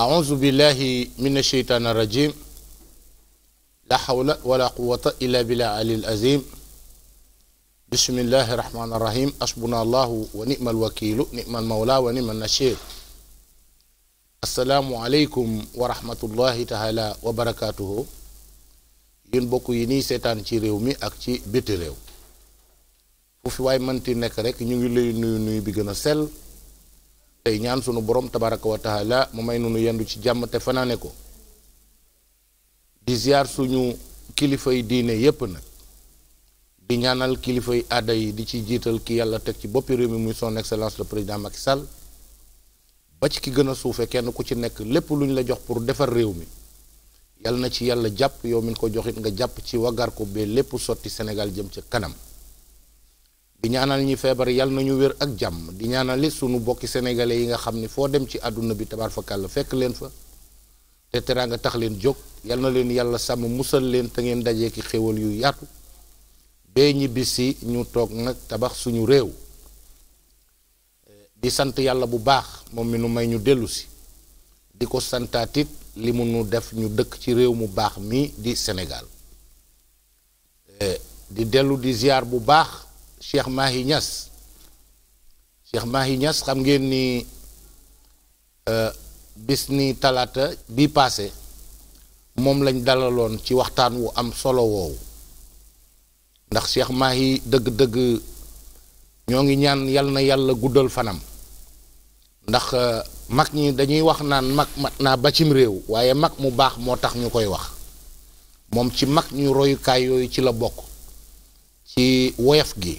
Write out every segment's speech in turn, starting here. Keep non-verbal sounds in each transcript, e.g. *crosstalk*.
أعوذ بالله من الشيطان الرجيم لا حول ولا قوة إلا بالله العلي العظيم بسم الله الرحمن الرحيم حسبنا الله ونعم الوكيل نعم المولى ونعم النصير asalaamualeykum wa rahmatullahi taala wa barakaatuhu yéen bokk yi nii seetaan ci réew mi ak ci biti réew fu fi waay mënti nekk rek ñu ngi lay nuyu bi gën a sell tey ñaan sunu borom tabaraka wa mu may nunu yendu ci jàmm te fanaane ko di ziar suñu kilifay diine yépp nag di ñaanal kilifay aada yi di ci jiital ki yàlla teg ci boppi réew mi muy son excellence la président Macky Sall ba ci ki gën a suufe kenn ku ci nekk lépp lu ñu la jox pour defar réew mi yàlla na ci yàlla jàpp yow min ko joxit nga jàpp ci waggar ko ba lépp sotti senegal jëm ca kanam di ñaanal ñi feebar yal nañu wér ak jàmm di ñaanali sunu bokki sénégalais yi nga xam ni foo dem ci àdduna bi tabaar fa kàll fekk leen fa te teraanga tax leen jóg yal na leen yàlla sàmm musal leen te ngeen dajee ki xéwal yu yaatu bee ñibbisi ñu toog nag tabax suñu réew di sant yàlla bu baax moom mi nu may ñu dellusi di ko santaatit li mu nu def ñu dëkk ci réew mu baax mi di senegal eh, di dellu di ziar bu baax Cheikh Mahi Niass Cheikh Mahi ñas xam ngeen nii euh, bis ni talaata bi paase moom lañ dalaloon ci waxtaan wu am solo woowu ndax Cheikh Mahi dëgg-dëgg ñoo ngi ñaan yal na yàlla guddal fanam ndax euh, mag ñi dañuy wax naan mag naa ba cim réew waaye mag mu baax moo tax ñu koy wax moom ci mag ñu royukaay yooyu ci la bokk ci woyof gi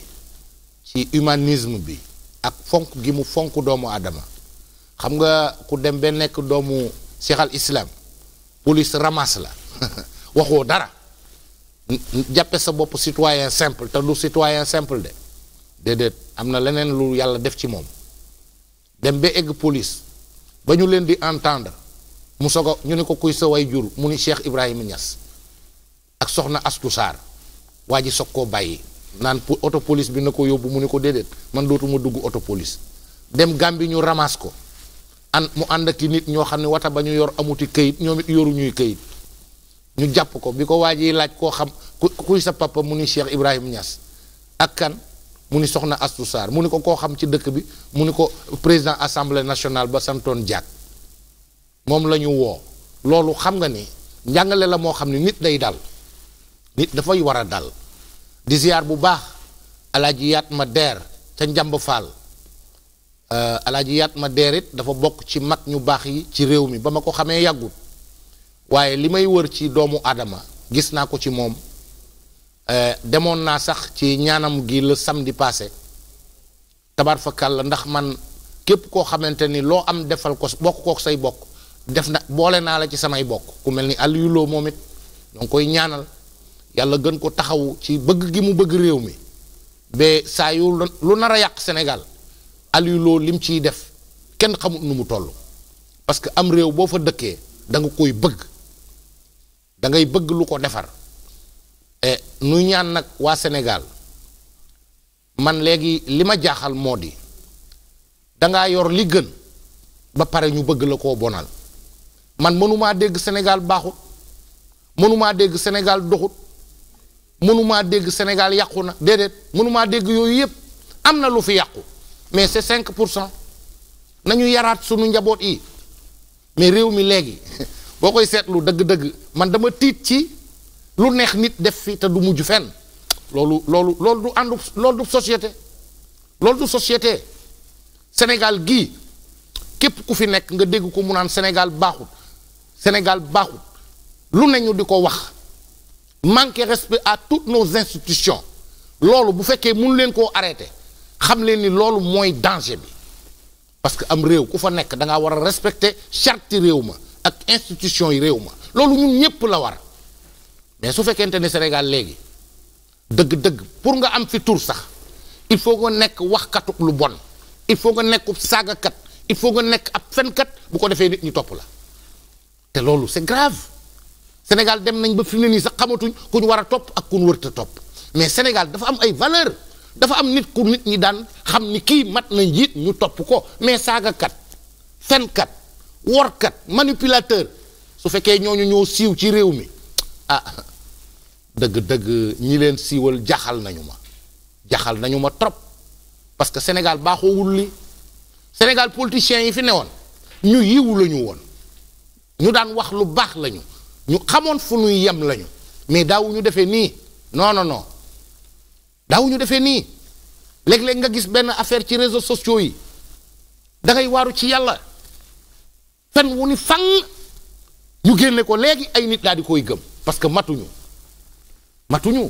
ci humanisme bi ak fonk gi mu fonk doomu aadama xam nga ku dem ba nekk doomu seexal islam police ramasse la *laughs* waxoo dara jàppe sa bopp citoyen simple te du citoyen simple de déedéet am na leneen lu yàlla def ci moom dem ba egg police ba ñu leen di entendre mu soog ñu ne ko kuy sa way jur mu ni Cheikh Ibrahima ñas ak soxna Astou Sarr waa ji soog koo bàyyi naan pour auto police bi na ko yóbbu mu ne ko déedéet man dootuma dugg auto police dem Gàmbi ñu ramaas ko an mu ànd ak nit ñoo xam ne wata ba ñu yor amuti këyit ñoom yoru ñuy këyit ñu jàpp ko bi ko waajee laaj koo xam ku kuy sa papa mu ni Cheikh Ibrahim Niass ak kan mu ni Soxna Astou Sarr mu ni ko koo xam ci dëkk bi mu ni ko président assemblée national ba santoon Diack moom la ñu woo loolu xam nga ni njàngale la moo xam ne nit day dal nit dafay war a dal di bu baax alaaji yaat ma deer ca njamb faal euh, alaaji yaat ma deer dafa bokk ci mag ñu baax yi ci réew mi ba ma ko xamee yàggut waaye li may wër ci doomu aadama gis naa ko ci moom euh, demoon naa sax ci ñaanam gi le samedi passé tabaar fakal la ndax man képp koo xamante ni loo am defal ko bokk kook say bokk def na boole naa la ci samay bokk ku mel ni Aliou Lo moom it ñoo koy ñaanal yàlla gën ko taxaw ci bëgg gi mu bëgg réew mi ba saa yu lu nar a yàq Sénégal Aliou lim ciy def kenn xamut nu mu toll parce que am réew boo fa dëkkee da nga koy bëgg da ngay bëgg lu ko defar e ñaan nag waa Sénégal man léegi li ma jaaxal moo di dangaa yor li gën ba pare ñu bëgg la koo bonal man mënumaa dégg Sénégal baaxut mënumaa dégg Sénégal doxut mënumaa dégg Sénégal yàqu na déedéet mënumaa dégg yooyu yépp am na lu fi yàqu mais c'est cinq pour cent nañu yaraat sunu njaboot yi mais réew mi léegi *laughs* boo koy seetlu dëgg-dëgg man dama tiit ci lu neex nit def fi te du mujj fenn loolu loolu loolu du àndu loolu du société loolu du société Sénégal gi képp ku fi nekk nga dégg ko mu naan Sénégal baaxut Sénégal baaxut lu ne ñu di ko wax manquer respect à toutes nos institutions loolu bu fekkee mun leen koo arrêté xam leen ni loolu mooy danger bi parce que am réew ku fa nekk da ngaa war a respecter charte réew ma ak institution yi réew ma loolu ñun ñépp la war mais su fekkente ne Sénégal léegi dëgg-dëgg pour nga am fi tour sax il faut nga nekk waxkatu lu bon il faut nga nekk saagakat il faut nga nekk ab fenkat bu ko defee nit ñu topp la te loolu c'est grave Sénégal dem nañ ba fi mu nii sax xamatuñ ku war a topp ak ku ñu wërta topp mais Sénégal dafa am ay valeur dafa am nit ku nit ñi daan xam ni kii mat na njiit ñu topp ko mais saagakat fenkat workat manipulateur su fekkee ñooñu ñoo siiw ci réew mi ah dëgg-dëgg ñi leen siiwal jaxal nañu ma jaxal nañu ma trop parce que Sénégal baaxoowul li Sénégal politiciens yi fi woon ñu yiw lañu woon ñu daan wax lu baax lañu ñu xamoon fu ñuy yem lañu mais daawuñu defee nii non non non daawuñu defee nii léeg-léeg nga gis benn affaire ci réseau sociaux yi da waaru ci yàlla fen wu ni fang ñu génne ko léegi ay nit daal koy gëm parce que matuñu matuñu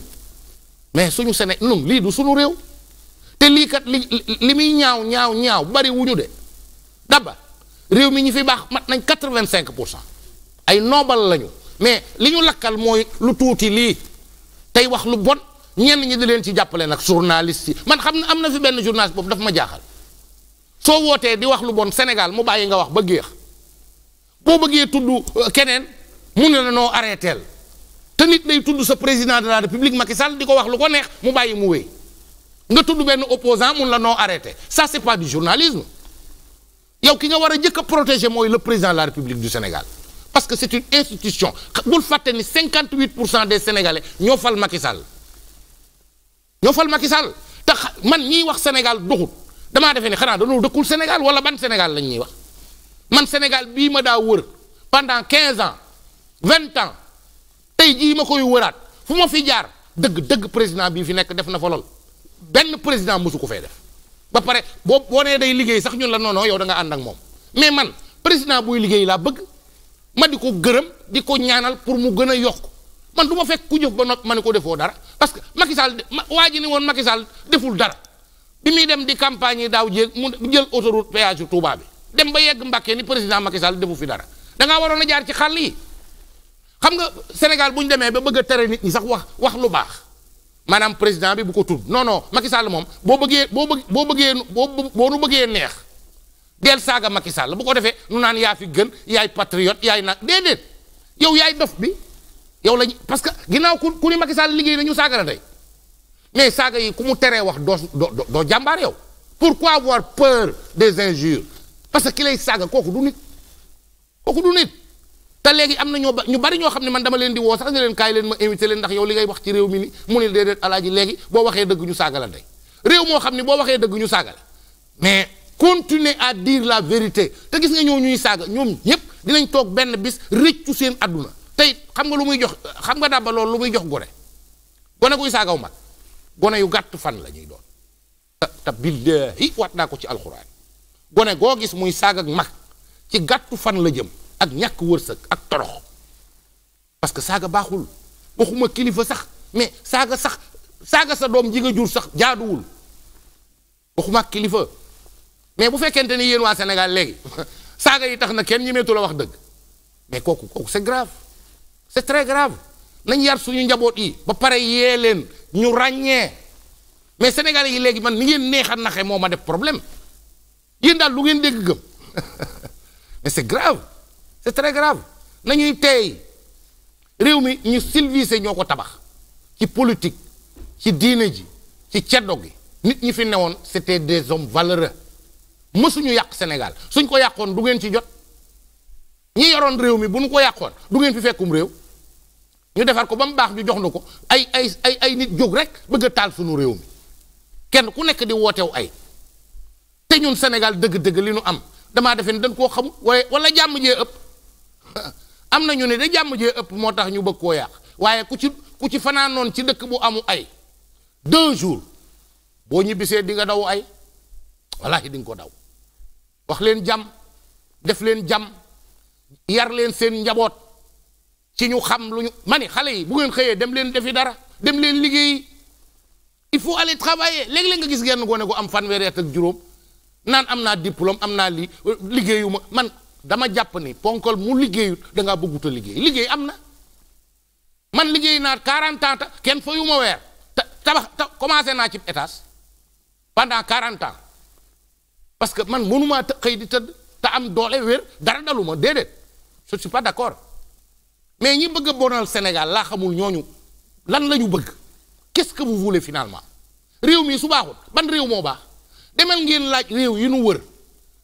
mais suñu sene nun lii du suñu réew te lii kat li li muy ñaaw ñaaw ñaaw bari wuñu de daba réew mi ñu fi baax mat nañ quatre-vingt-cinq pour cent ay noobal lañu mais li ñu lakkal mooy lu tuuti lii tey wax lu bon ñenn ñi di leen ci jàppale nag journaliste yi man xam ne am na fi benn journaliste boobu dafa ma jaaxal soo wootee di wax lu bon Sénégal mu bàyyi nga wax ba géex boo bëggee tudd euh, keneen mu ne la noo arrêteel te nit day tudd sa président de la république Macky di ko wax lu ko neex mu bàyyi mu wéy nga tudd benn opposant mun la noo arrêté ça c'est pas du journalisme yow ki nga war a jëkk a mooy le président de la république Sénégal parce que c'est une institution bul fàtte ni 58 pour cent des sénégalais ñoo fal Macky Sall ñoo fal Macky Sall te man ñiy wax Sénégal doxut damaa defee ne xanaa dañoo dëkkul Sénégal wala ban Sénégal lañ ñuy wax man Sénégal bii ma daa wër pendant quinze ans vingt ans tey jii ma koy wëraat fu ma fi jaar dëgg dëgg président bii fi nekk def na fa lool benn président mosu ko fee def ba pare boo boo nee day liggéey sax ñun la noonoo yow da nga ànd ak moom mais man président buy liggéey laa bëgg. ma di ko gërëm di ko ñaanal pour mu gën a yokk man du ma fekk ku jëf ba noppi ma ne ko defoo dara parce que Macky Sall waa ji ni woon Macky Sall deful dara bi muy dem di campagne daaw jéeg mu jël autoroute péage Touba bi dem ba yegg Mbàkke ni président Macky Sall defu fi dara dangaa ngaa waroon a jaar ci xàll yi xam nga Sénégal bu ñu demee ba bëgg a tere nit ñi sax wax wax lu baax maanaam président bi bu ko tudd non non Macky moom boo bëggee boo bëggee boo bëggee boo nu bëggee neex. del saaga Macky la bu ko defee nu naan yaa fi gën yaay patriote yaay nag déedéet yow yaay dof bi yow lañ parce que ginnaaw ku ku ni Macky liggéey na ñu saaga la tey mais saaga yi ku mu teree wax doo doo doo jàmbaar yow pourquoi avoir peur des injures parce que ki lay saaga kooku du nit kooku du nit te léegi am na ñoo ñu bari ñoo xam ne man dama leen di woo sax ne leen kaay leen ma invité leen ndax yow li ngay wax ci réew mi ni mu ne déedéet alaaji léegi boo waxee dëgg ñu saaga réew moo xam ne boo waxee dëgg ñu saaga continuer à dire la vérité te gis nga ñoo ñuy saaga ñoom ñëpp dinañ toog benn bis rëccu seen àdduna tey xam nga lu muy jox xam nga dàbba loolu lu muy jox gone gone guy saagaw mag gone yu gàtt fan la ñuy doon te billaahi naa ko ci alxuraan gone goo gis muy saaga ak mag ci gàttu fan la jëm ak ñàkk wërsëg ak torox parce que saaga baaxul waxuma kilifa sax mais saaga sax saaga sa doom ji nga jur sax jaaduwul waxuma kilifa mais bu fekkente ni yéen waa Sénégal léegi *laughs* saaga yi tax na kenn ñemeetu la wax dëgg mais kooku kooku c'est grave c'est très grave nañ yar suñu njaboot yi ba pare yee leen ñu ràññee mais Sénégalais yi léegi man ni ngeen neexa naxe moo ma def problème yéen daal lu ngeen dégg gëm *laughs* mais c'est grave c'est très grave nañuy teey réew mi ñu civilisé ñoo ko tabax ci politique ci diine ji ci ceddo gi nit ñi fi newoon c'était des hommes valeureux ma suñu yàq senegal suñ ko yàqoon du ngeen ci jot ñi yoroon réew mi bu ñu ko yàqoon du ngeen fi fekkum réew ñu defar ko ba mu baax ñu jox na ko ay ay ay ay nit jóg rek bëgg taal suñu réew mi kenn ku nekk di wootew ay te ñun senegal dëgg-dëgg li nu am damaa defe ne dañ koo xamul waaye wala jàmm jee ëpp *laughs* am na ñu ne da jàmm jee ëpp moo tax ñu bëgg koo yàq waaye ku ci ku ci fanaanoon ci dëkk bu amu ay deux jours boo ñibbisee di nga daw ay wallaahi di nga ko daw wax leen jàmm def leen jàmm yar leen seen njaboot ci ñu xam lu ñu ma ne xale yi bu ngeen xëyee dem leen defi dara dem leen liggéey il faut aller travailler léeg-léeg nga gis genn gone gu am fanweeri ak juróom naan am naa diplôme am naa lii liggéeyu ma man dama jàpp ni ponkal mu liggéeyut danga ngaa bëggut liggéey liggéey am na man liggéey naa 40 ans ta kenn fayu ma weer tabax ta commencé naa cib étage pendant 40 ans. parce que man mënumaa xëy di tëdd te am doole wér dara daluma déedéet je suis pas d'accord mais ñi bëgg a bonal Sénégal laa xamul ñooñu lan la ñu bëgg qu'est-ce que vous voulez finalement réew mi su baaxul ban réew moo baax demel ngeen laaj réew yi nu wër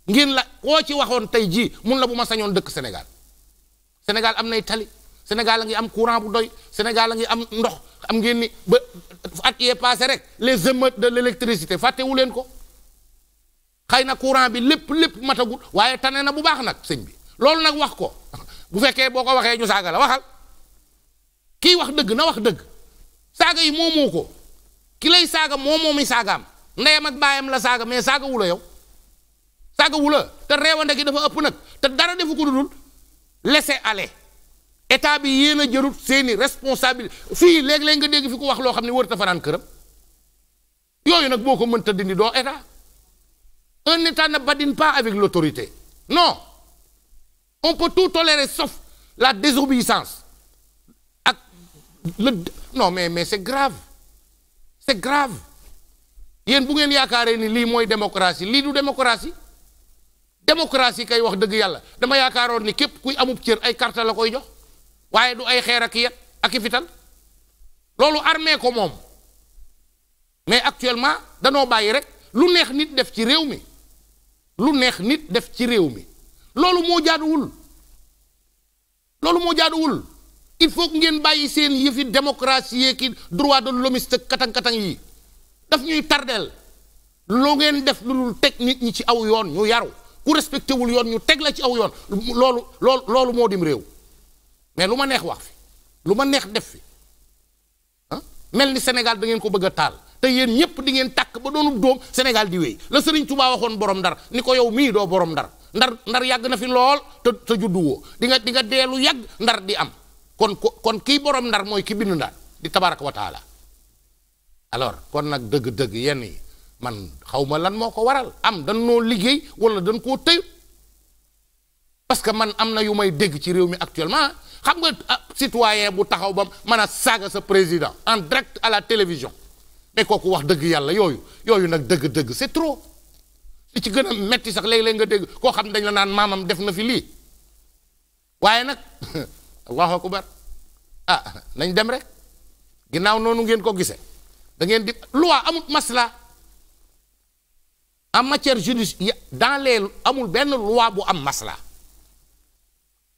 ngeen laaj koo ci waxoon tey jii mun la bu ma sañoon dëkk Sénégal Sénégal am nay tali Sénégal a ngi am courant bu doy Sénégal a ngi am ndox am ngeen ni ba at yee passé rek les émeutes de l'électricité fàttewu leen ko xëy na courant bi lépp lépp matagul waaye tane na bu baax nag sëñ bi loolu nag wax ko bu fekkee boo ko waxee ñu saaga la waxal kii wax dëgg na wax dëgg saaga yi moomoo ko ki lay saaga moo moomi saagaam ndeyam ak baayam la saaga mais saaga wula yow saaga wula te reewande gi dafa ëpp nag te dara defu ko dudul laisser aller état bi yéen a jërut seeni responsabilité fii léeg-léeg nga dégg fi ko wax loo xam ne wër ta fanaan këram yooyu nag boo ko mënta dindi doo Un État ne badine pas avec l'autorité. Non. On peut tout tolérer sauf la désobéissance. Le... Non mais mais c'est grave. C'est grave. yéen bu ngeen yaakaaree ni lii mooy démocratie lii du démocratie démocratie kay wax dëgg yàlla dama yaakaaroon ni képp kuy amub cër ay carte la koy jox waaye du ay xeer ak yet ak i fital loolu armée ko moom mais actuellement danoo bàyyi rek lu neex nit def ci réew mi lu neex nit def ci réew mi loolu moo jaaduwul loolu moo jaaduwul il faut ngeen bàyyi seen yëfi démocratie yeeki droit de l'hommiste katang-katang yi daf ñuy tardeel loo ngeen def lu dul teg nit ñi ci aw yoon ñu yaru ku respecté wul yoon ñu teg la ci aw yoon loolu loolu moo dem réew mais lu ma neex wax fi lu ma neex def fi ah mel ni Sénégal da ngeen ko bëgg a taal te yéen ñëpp di ngeen tàkk ba doonub doom Sénégal di wéy la Serigne Touba waxoon borom ndar ni ko yow mii doo borom ndar ndar ndar yàgg na fi lool te te juddu woo di nga di nga deelu yàgg ndar di am kon ko kon kii borom ndar mooy ki bind ndar di tabaraka wa taala alors kon nag dëgg-dëgg yenn yi man xaw ma lan moo ko waral am dan noo liggéey wala dan koo tëy parce que man am na yu may dégg ci réew mi actuellement xam nga ah, citoyen bu taxaw ba mën a saaga sa président en direct à la te kooku wax dëgg yàlla yooyu yooyu nag dëgg-dëgg c'est trop li ci gën a metti sax léeg-léeg nga dégg koo xam dañ la naan maamam def na fi lii waaye nag *laughs* allahu akbar ah nañ dem rek ginnaaw noonu ngeen ko gisee dangeen ngeen di loi amul masla am matière judiciaire dans les amul benn loi bu am masla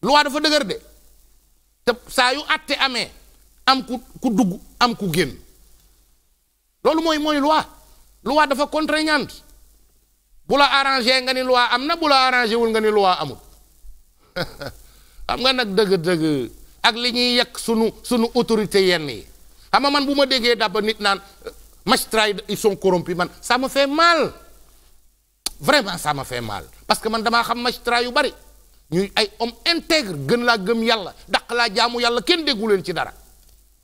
loi dafa dëgër de te saa yu àtte amee am ku ku dugg am ku génn loolu mooy mooy loi loi dafa contraignante bu la arrangé nga ni loi am na bu la arrangé wul nga ni loi amul *laughs* xam nga nag dëgg-dëgg ak li ñuy yekk sunu sunu autorité yenn yi xam man bu ma déggee daba nit naan euh, magistrats yi ils sont corrompus man ça me fait mal vraiment ça me fait mal parce que man damaa xam magistrats yu bari ñuy ay om integre gën laa gëm yàlla daq laa jaamu yàlla kenn déggu leen ci dara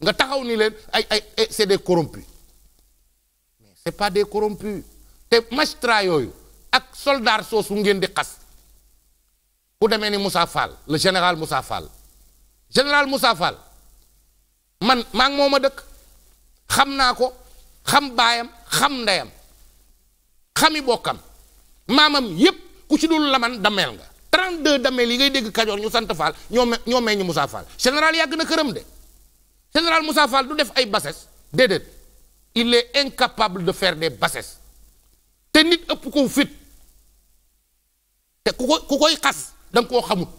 nga taxaw ni leen ay ay eh, c'est des corrompus c'est pas des corrompus te magistrat yooyu ak soldat soosu ngeen di xas ku demee ni Moussa Fall la général Moussa Fall général Moussa Fall man maa moom a dëkk xam naa ko xam baayam xam ndeyam xami bokkam maamam yépp ku ci dul laman dameel nga 32 dameel yi ngay dégg Kajoor ñu sant Fall ñoo ñoo meññ Moussa Fall général yàgg na këram de général Moussa Fall du def ay bases déedéet il est incapable de faire des bassesses te nit ëpp ko fit te ku ko ku koy xas danga koo xamut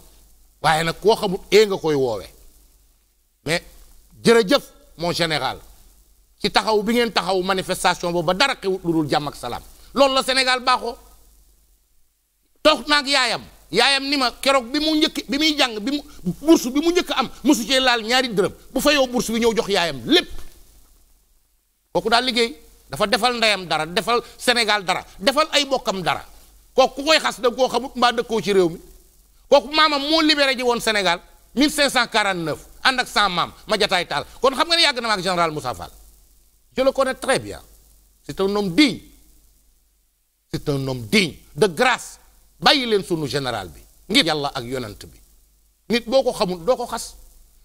waaye nag koo xamut ee eh nga koy woowe mais jërëjëf mon général ci taxaw bi ngeen taxaw manifestation boobu ba dara xewut lu dul jàmm ak salaam loolu la Sénégal baaxoo toog naag yaayam yaayam ni ma keroog bi mu njëkk bi muy jàng bi mu bourse bi mu njëkk am mosu cee laal ñaari dërëm bu fayoo bourse bi ñëw jox yaayam lépp kooku daal liggéey dafa defal ndeyam dara defal Sénégal dara defal ay bokkam dara kooku ku koy xas da koo xamut mbaa dëkkoo ci réew mi kooku maamam moo libéré ji woon Sénégal 1549 ànd ak sans maam ma jataay taal kon xam nga ne yàgg na ma ak général Moussa Fall je le connais très bien c'est un homme digne c'est un homme digne de grace bàyyi leen sunu général bi ngir yàlla ak yonant bi nit boo ko xamul doo ko xas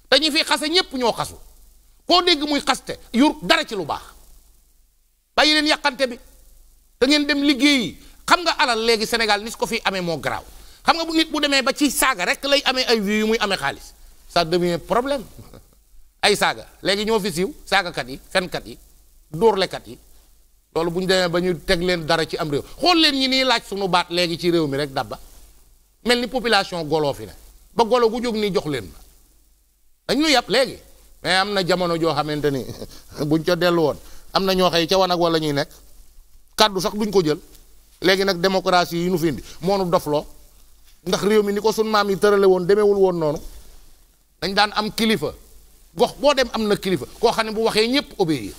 te ñi fi xase ñépp ñoo xasu koo dégg muy xaste yur dara ci lu baax bàyyi leen yàqante bi da ngeen dem liggéeyi xam nga alal léegi Sénégal ni su ko fii amee moo garaaw xam nga bu nit bu demee ba ci saaga rek lay amee ay vues yu muy amee xaalis ça devient problème *laughs* ay saaga léegi ñoo fi siiw saagakat yi fenkat yi dóorlekat yi loolu bu ñu demee ba ñu teg leen dara ci am réew xool leen ñi nii laaj sunu baat léegi ci réew mi rek dabba mel ni population golo fi ne ba golo gu jóg nii jox leen dañ ñu yàpp léegi mais am na jamono joo xamante ni *laughs* buñ ca dellu woon am na ñoo xëy ca wanag wala ñuy nekk kàddu sax duñ ko jël léegi nag démocratie yi nu fi indi moonu dofloo ndax réew mi ni ko sun maam yi tërale woon demeewul woon noonu dañ daan am kilifa gox boo dem am na kilifa koo xam ne bu waxee ñëpp obéir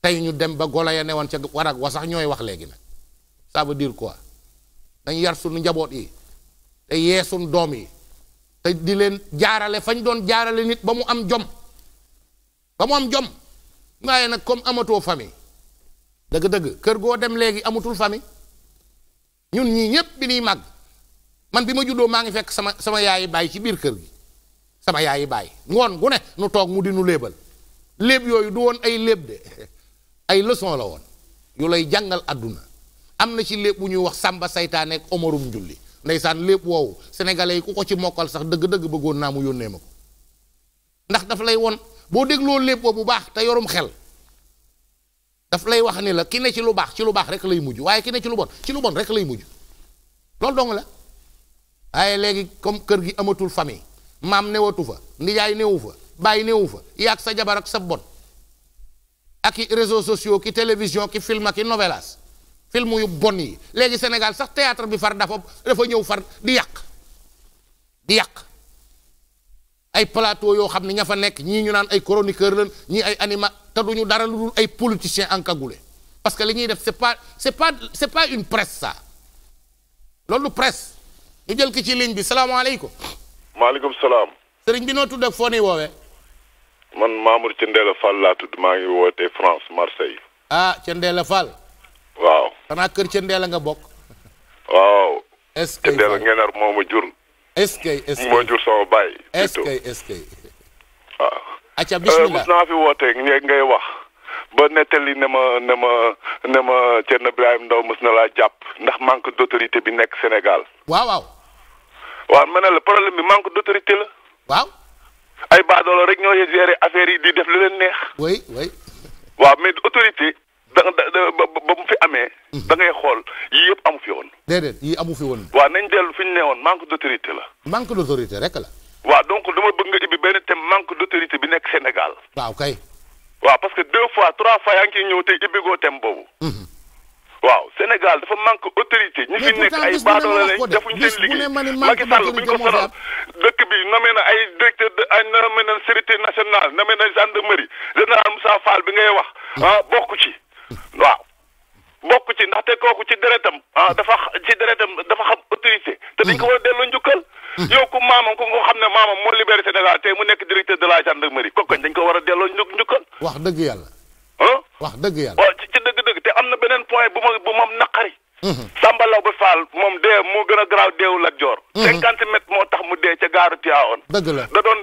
tey ñu dem ba golo ya newoon ca warag wa sax ñooy wax léegi nag ça diir dire dañ yar suñu njaboot yi te yee suñu doom yi te di leen jaarale fañ doon jaarale nit ba mu am jom ba mu am jom waaye nag comme amatoo famille dëgg-dëgg kër goo dem léegi amatul fami ñun ñii ñépp bi ñuy màgg man bi ma juddoo maa ngi fekk sama sama yaayi baay ci biir kër gi sama yaayi baay ngoon gu ne nu toog mu di nu léebal léeb yooyu du woon ay léeb de *laughs* ay leçon la woon yu lay jàngal àdduna am na ci léeb bu ñuy wax sàmba saytaane ak omarum njulli ndeysaan léeb woowu sénégalais ku ko ci mokkal sax dëgg-dëgg bëggoon naa mu yónnee ma ko ndax daf lay won boo dégloo lépp bu baax te yorum xel daf lay wax ni la ki ne ci lu baax ci lu baax rek lay mujj waaye ki ne ci lu bon ci lu bon rek lay mujj loolu dong la waaye léegi comme kër gi amatul famille maam newatu fa nijaay newu fa bàyyi newu fa yaag sa jabar ak sa bon ak i réseaux sociaux ki télévision ki film ak i novelas film yu bon yi léegi Sénégal sax théâtre bi far dafa dafa ñëw far di yàq di yàq ay plateau yoo xam ne ña fa nekk ñii ñu naan ay chroniqueur lan ñii ay anima te duñu dara lu dul ay politiciens encagoulés parce que li ñuy def c'est pas c'est pas c'est pas une presse ça loolu presse ñu jël ki ci ligne bi salaamaaleykum. maaleykum salaam. sëriñ bi noo tudd foo nii woowee. man Mamour Thiendella Fall laa tudd maa ngi wootee France Marseille. ah Thiendella Fall. waaw. xanaa kër Thiendella nga bokk. waaw. est-ce que Thiendella Ngenar jur. est-ce que est moo jur sama baay. est-ce que est-ce que. waaw. Ah. acca bismillah naa fi ngay wax. ba nettali ne ma ne ma ne ma Thierno Birahim Ndao mës na laa jàpp ndax manque d'autorité bi nekk Sénégal. waaw waaw. waaw ma ne la problème bi manque d'autorité la. waaw. ay baadoolo rek ñoo gérer affaire yi di def lu leen neex. oui oui. waaw mais autorité da nga da ba mu fi amee. Mhm. da xool déedéet yi amu fi woon. waaw nañ dellu fi ñu ne woon manque d' autorité la. manque d' autorité rek la. waaw donc dama bëgg nga ibbi benn thème manque d' autorité bi nekk Sénégal. waaw kay. waaw parce que deux fois trois fois yaa ngi ciy ñëw te ibbi goo thème boobu. Mhm. waaw Sénégal dafa manque autorité. ñi fi nekk ay baadoola lañ defuñ seen liggéey Macky Sall buñ ko sonal dëkk bi nommé na ay directeur de ay nommé na sécurité nationale nommé na gendarmerie général Moussa Fall bi ngay wax. Mhm. ah bokk ci mhm. waaw. bokk ci ndaxte kooku ci deretam ah dafa ci deretam dafa xam autorité te dañ ko war a delloo njukkal hmm. yow ku maamam ku nga xam ne maamam moo libéré Sénégal tey mu nekk directeur de la gendarmerie kooku dañ ko war a delloo njukkal wax dëgg yàlla wax dëgg yàlla ci dëgg-dëgg te am na beneen point bu ma bu ma naqari Mhm. Samba Laobé Fall moom dee moo gën a garaaw deewul ak joor. Mhm. cinquante mètres moo tax mu dee ca gaaru Tivaouane. dëgg da doon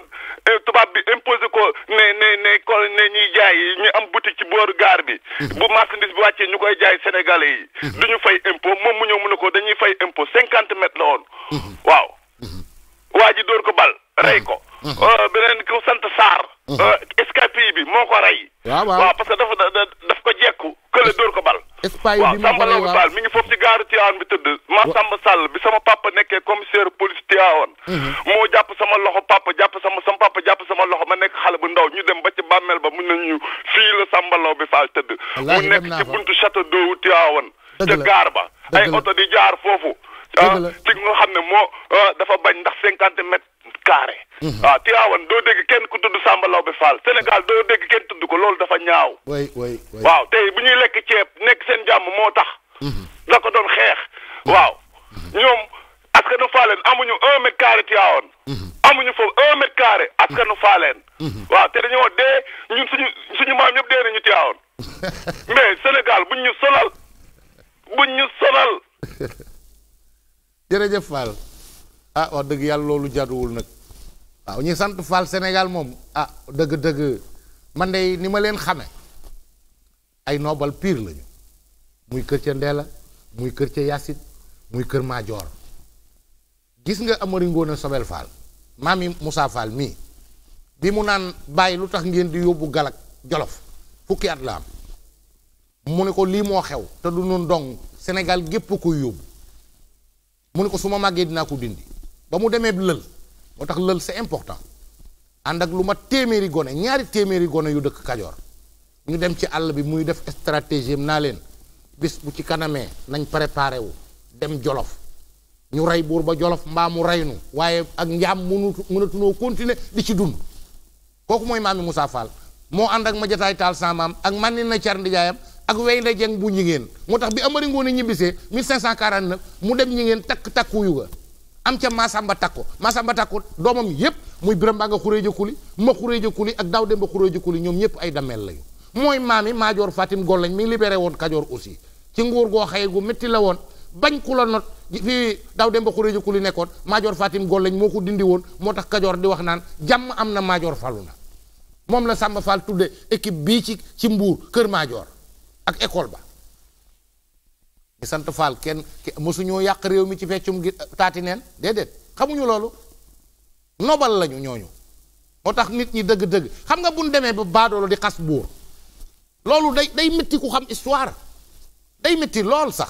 eh, tubaab bi imposé ko ne ne ne ko ne ñuy jaay ñu am boutique ci booru gaar bi. Mhm. bu marchandise bi wàccee ñu koy jaay sénégalais yi. du ñu fay impôt moom mu ñëw mu ne ko dañuy fay impôt cinquante mètres la woon. waaw. waa ji dóor ko bal rey ko. Oh, beneen ku sant Sarr. Euh, escape bi moo ko rey. waaw parce que dafa daf ko jekku kële dóor ko bal. escape bi bal mi ngi foofu ci gaaru Tivaouane bi tëdd. ma Samba Sall bi sama papa nekkee commissaire police Tivaouane. Mhm. moo jàpp sama loxo papa jàpp sama sama papa jàpp sama loxo ma nekk xale bu ndaw ñu dem ba ci bàmmeel ba mun nañu fii la Samba bi Fall tëdd. mu nekk ci buntu château d'eau Tivaouane. ca gaar ba ay oto di jaar foofu. ti ah, nga xam ne moo ah, dafa bañ ndax cinquante carré. waaw mhm. ah, Tivaouane doo dégg kenn ku tudd Samba Laobé Fall Sénégal doo dégg kenn tudd ko loolu dafa ñaaw. waaw tey bu ñuy lekk ceeb nekk seen jàmm moo tax. la mhm. ko doon xeex. Mhm. waaw ñoom askanu Faaleen amuñu un mètre carré Tivaouane. amuñu foofu un mètre carré askanu Faaleen. waaw te dañoo dee ñun suñu suñu maam ñëpp dee nañu Tivaouane *laughs* mais Sénégal buñ ñu sonal buñ ñu sonal. *laughs* jërëjëf Fall ah wax dëgg yàlla loolu jaaduwul nag. waaw ñu sant Fall Sénégal moom ah dëgg-dëgg man de ni ma leen xame ay noobal piir lañu muy kër ca Ndella muy kër ca Yacine muy kër Maajoor gis nga Amari Ngoone Sobel Fall maami Moussa Fall mii bi mu naan bàyyi lu tax ngeen di yóbbu galak Jolof fukki at la am mu ne ko lii moo xew te du nun dong Sénégal gépp koy yóbbu mu ne ko su ma màggee dinaa ko dindi ba mu demee lël moo tax lël c'est important ànd ak lu ma téeméeri gone ñaari téeméeri gone yu dëkk Kajoor ñu dem ci àll bi muy def stratégie naa leen bis bu ci kanamee nañ préparé wu dem Jolof ñu rey buur ba Jolof mbaa mu rey nu waaye ak njaam mënatu mënatunoo continuer di ci dund kooku mooy maami Moussa Fall moo ànd ak ma jataay taal sama maam ak man ni na car ndijaayam ak wey na jeng bu ñi moo tax bi amari ngoone ñibbisee 1549 mu dem ñi ngeen takk takku yu ga am ca Massamba Takko Massamba Takko doomam yépp muy Birame Mbengue Khourédia Kouly ma Khourédia Kouly ak ba Demba Khourédia Kouly ñoom ñëpp ay dameel lañu mooy maami Maajoor Fatim Gollañ mi libéré woon Kajoor aussi ci nguur goo xëye gu métti la woon bañ ku la not fii Daouda Demba Khourédia Kouly nekkoon Maajoor Fatim Gollañ moo ko dindi woon moo tax Kajoor di wax naan jàmm am na Maajoor falu na moom la Samba Fall tudde équipe bii ci ci Mbuur Kër Maajoor ak école ba ñu sant faal kenn mosuñoo yàq réew mi ci feccum gi taati neen déedéet xamuñu loolu nobal lañu ñooñu moo tax nit ñi dëgg-dëgg xam nga buñ demee ba baadoolo di xas buur loolu day day métti ku xam histoire day métti lool sax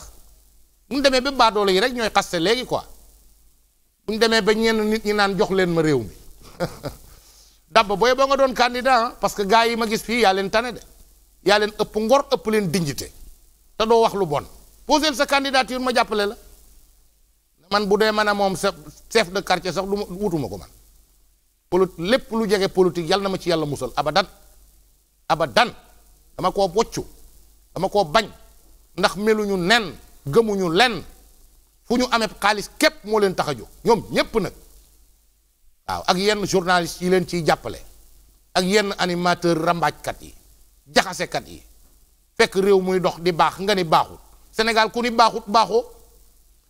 buñ demee ba baadoolo yi rek ñooy xaste léegi quoi buñ demee ba ñenn nit ñi naan jox leen ma réew mi *laughs* dàbb booy boo nga doon candidat ah, parce que gars yi ma gis fii yaa leen tane de yaa leen ëpp ngor ëpp leen dignité te doo wax lu bon poseel sa candidature ma jàppale la man bu dee man a moom sa seef de quartier sax du ma wutuma ko man polit lépp lu jege politique yàlla na ma ci yàlla musal abadan abadan dama koo boccu dama koo bañ ndax meluñu nen gëmuñu len fu ñu amee xaalis képp moo leen tax a jóg ñoom ñépp nag waaw ak yenn journaliste yi leen ciy jàppale ak yenn animateur rambaajkat yi jaxasekat yi fekk réew muy dox di baax nga ni baaxul Sénégal ku ni baaxut baaxoo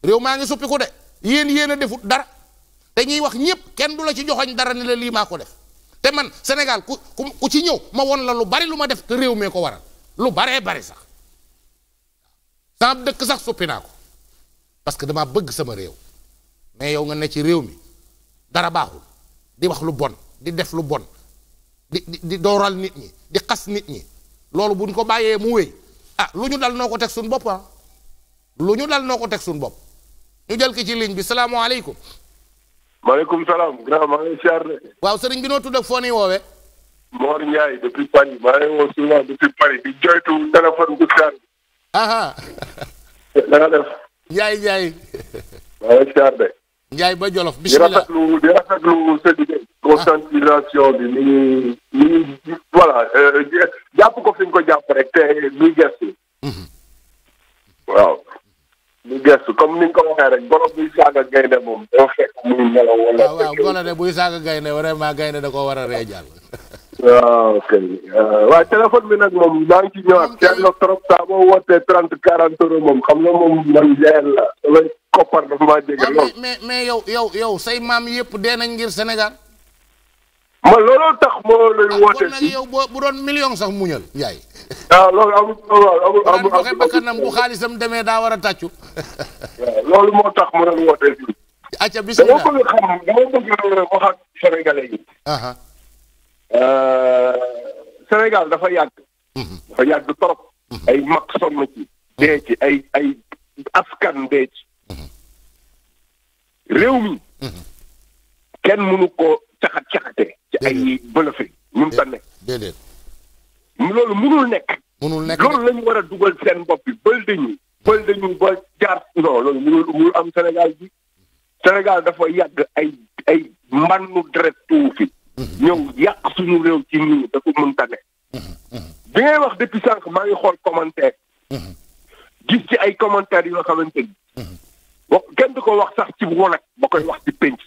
réew maa ngi suppi ko de yéen yéen a defut dara dañuy wax ñëpp kenn du la ci joxoñ dara ne la lii maa ko def te man Sénégal ku ku ci ñëw ma won la lu bari lu ma def te réew mee ko waral lu baree bari sax sama dëkk sax suppi naa ko parce que dama bëgg sama réew mais yow nga ne ci réew mi dara baaxul di wax lu bon di def lu bon di di dooral nit ñi di xas nit ñi loolu buñ ko bàyyee mu wéy ah lu ñu dal noo ko teg suñu boppa ah. lu ñu dal noo ko teg suñu bopp ñu jël ki ci ligne bi salaamaaleykum. maaleykum salaam. waaw sëriñ bi noo tudd ak foo nii woowee. Mor Ndiaye maa ngi woo souvent depuis Paris di joytu téléphone bu cher. aha. da nga def. Ndiaye de. Ndiaye ba Jolof bisimilah di rafetlu di rafetlu sa liggéey. conscientisation bi ni ni voilà euh, jàpp ko fi ko jàpp rek te muy gerte. Mhm. waaw. ñu gëstu comme ni nga ko waxee rek golo buy saaga gaynde moom dafa fekk muy nelaw wala. Ah, waaw waaw buy saaga gaynde vraiment gaynde da koo war a reejal. *laughs* waaw kay euh, waaye téléphone bi nag moom daa ngi ci ñëwaat teel na trop saa boo wootee trente quarante euros moom xam nga moom man leer la dafay koppar dafa maa jege ah, lool. mais mais yow yow yow say maam yëpp dee nañ ngir Sénégal. man looloo tax moo lay ah, woote. ah yow bu doon million sax muñal yaay. waaw ah, loolu amul amul amul amul bakkanam bu xaalisam demee daa war a tàccu. *laughs* loolu moo tax mu doon woote fii. acca wax ak sénégalais yi. Euh, Sénégal dafa yàgg. Mhm. dafa yàgg trop. Mhm. ay mag sonn ci. dee ci ay askan dee ci. Mhm. réew mi. kenn mënu ko. caxat caxatee. ci ay bëlëfe mun ta nekk. loolu munul nekk. munul nekk loolu la ñu war a dugal seen bopp bi bël dañu bël dañu ba jaar non loolu munul am Sénégal bi Sénégal dafa yàgg ay ay mbannu deret tuuti mhm. ñëw yàq suñu réew ci nii dafa mën ta bi ngay wax depuis sànq maa ngi xool commentaire. Mhm. gis ci ay commentaire yoo xamante ni. Mhm. wax kenn du ko wax sax ci wolof ba koy wax ci penc.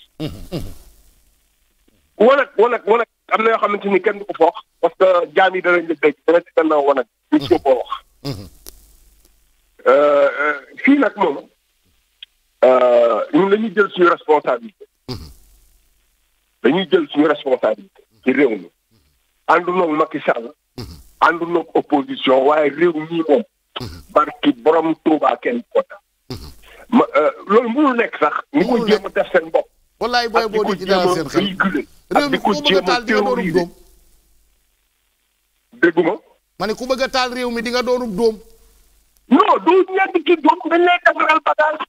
wanag wanag wanag am na yoo xamante ni kenn du ko foox parce que jaam yi danañ la dégg dana ci gannaaw wanag. ñu ci ko wax. Euh, fii nag moom euh, ñun dañuy jël suñu responsabilité. dañuy jël suñu responsabilité. ci réew mi àndunoog Macky Sall. àndunoog opposition waaye réew mii moom. barki borom Touba kenn kota. ma euh, loolu mënul nekk sax. ñu ko jéem a def seen bopp. wallaay booy boo di ci daal seen xel réew mi ku bëgg taal di nga dóom dégguma ma ku bëgg a taal réew mi di nga doonub dóom non du ñenn ci dóom dañ lay defaral bagage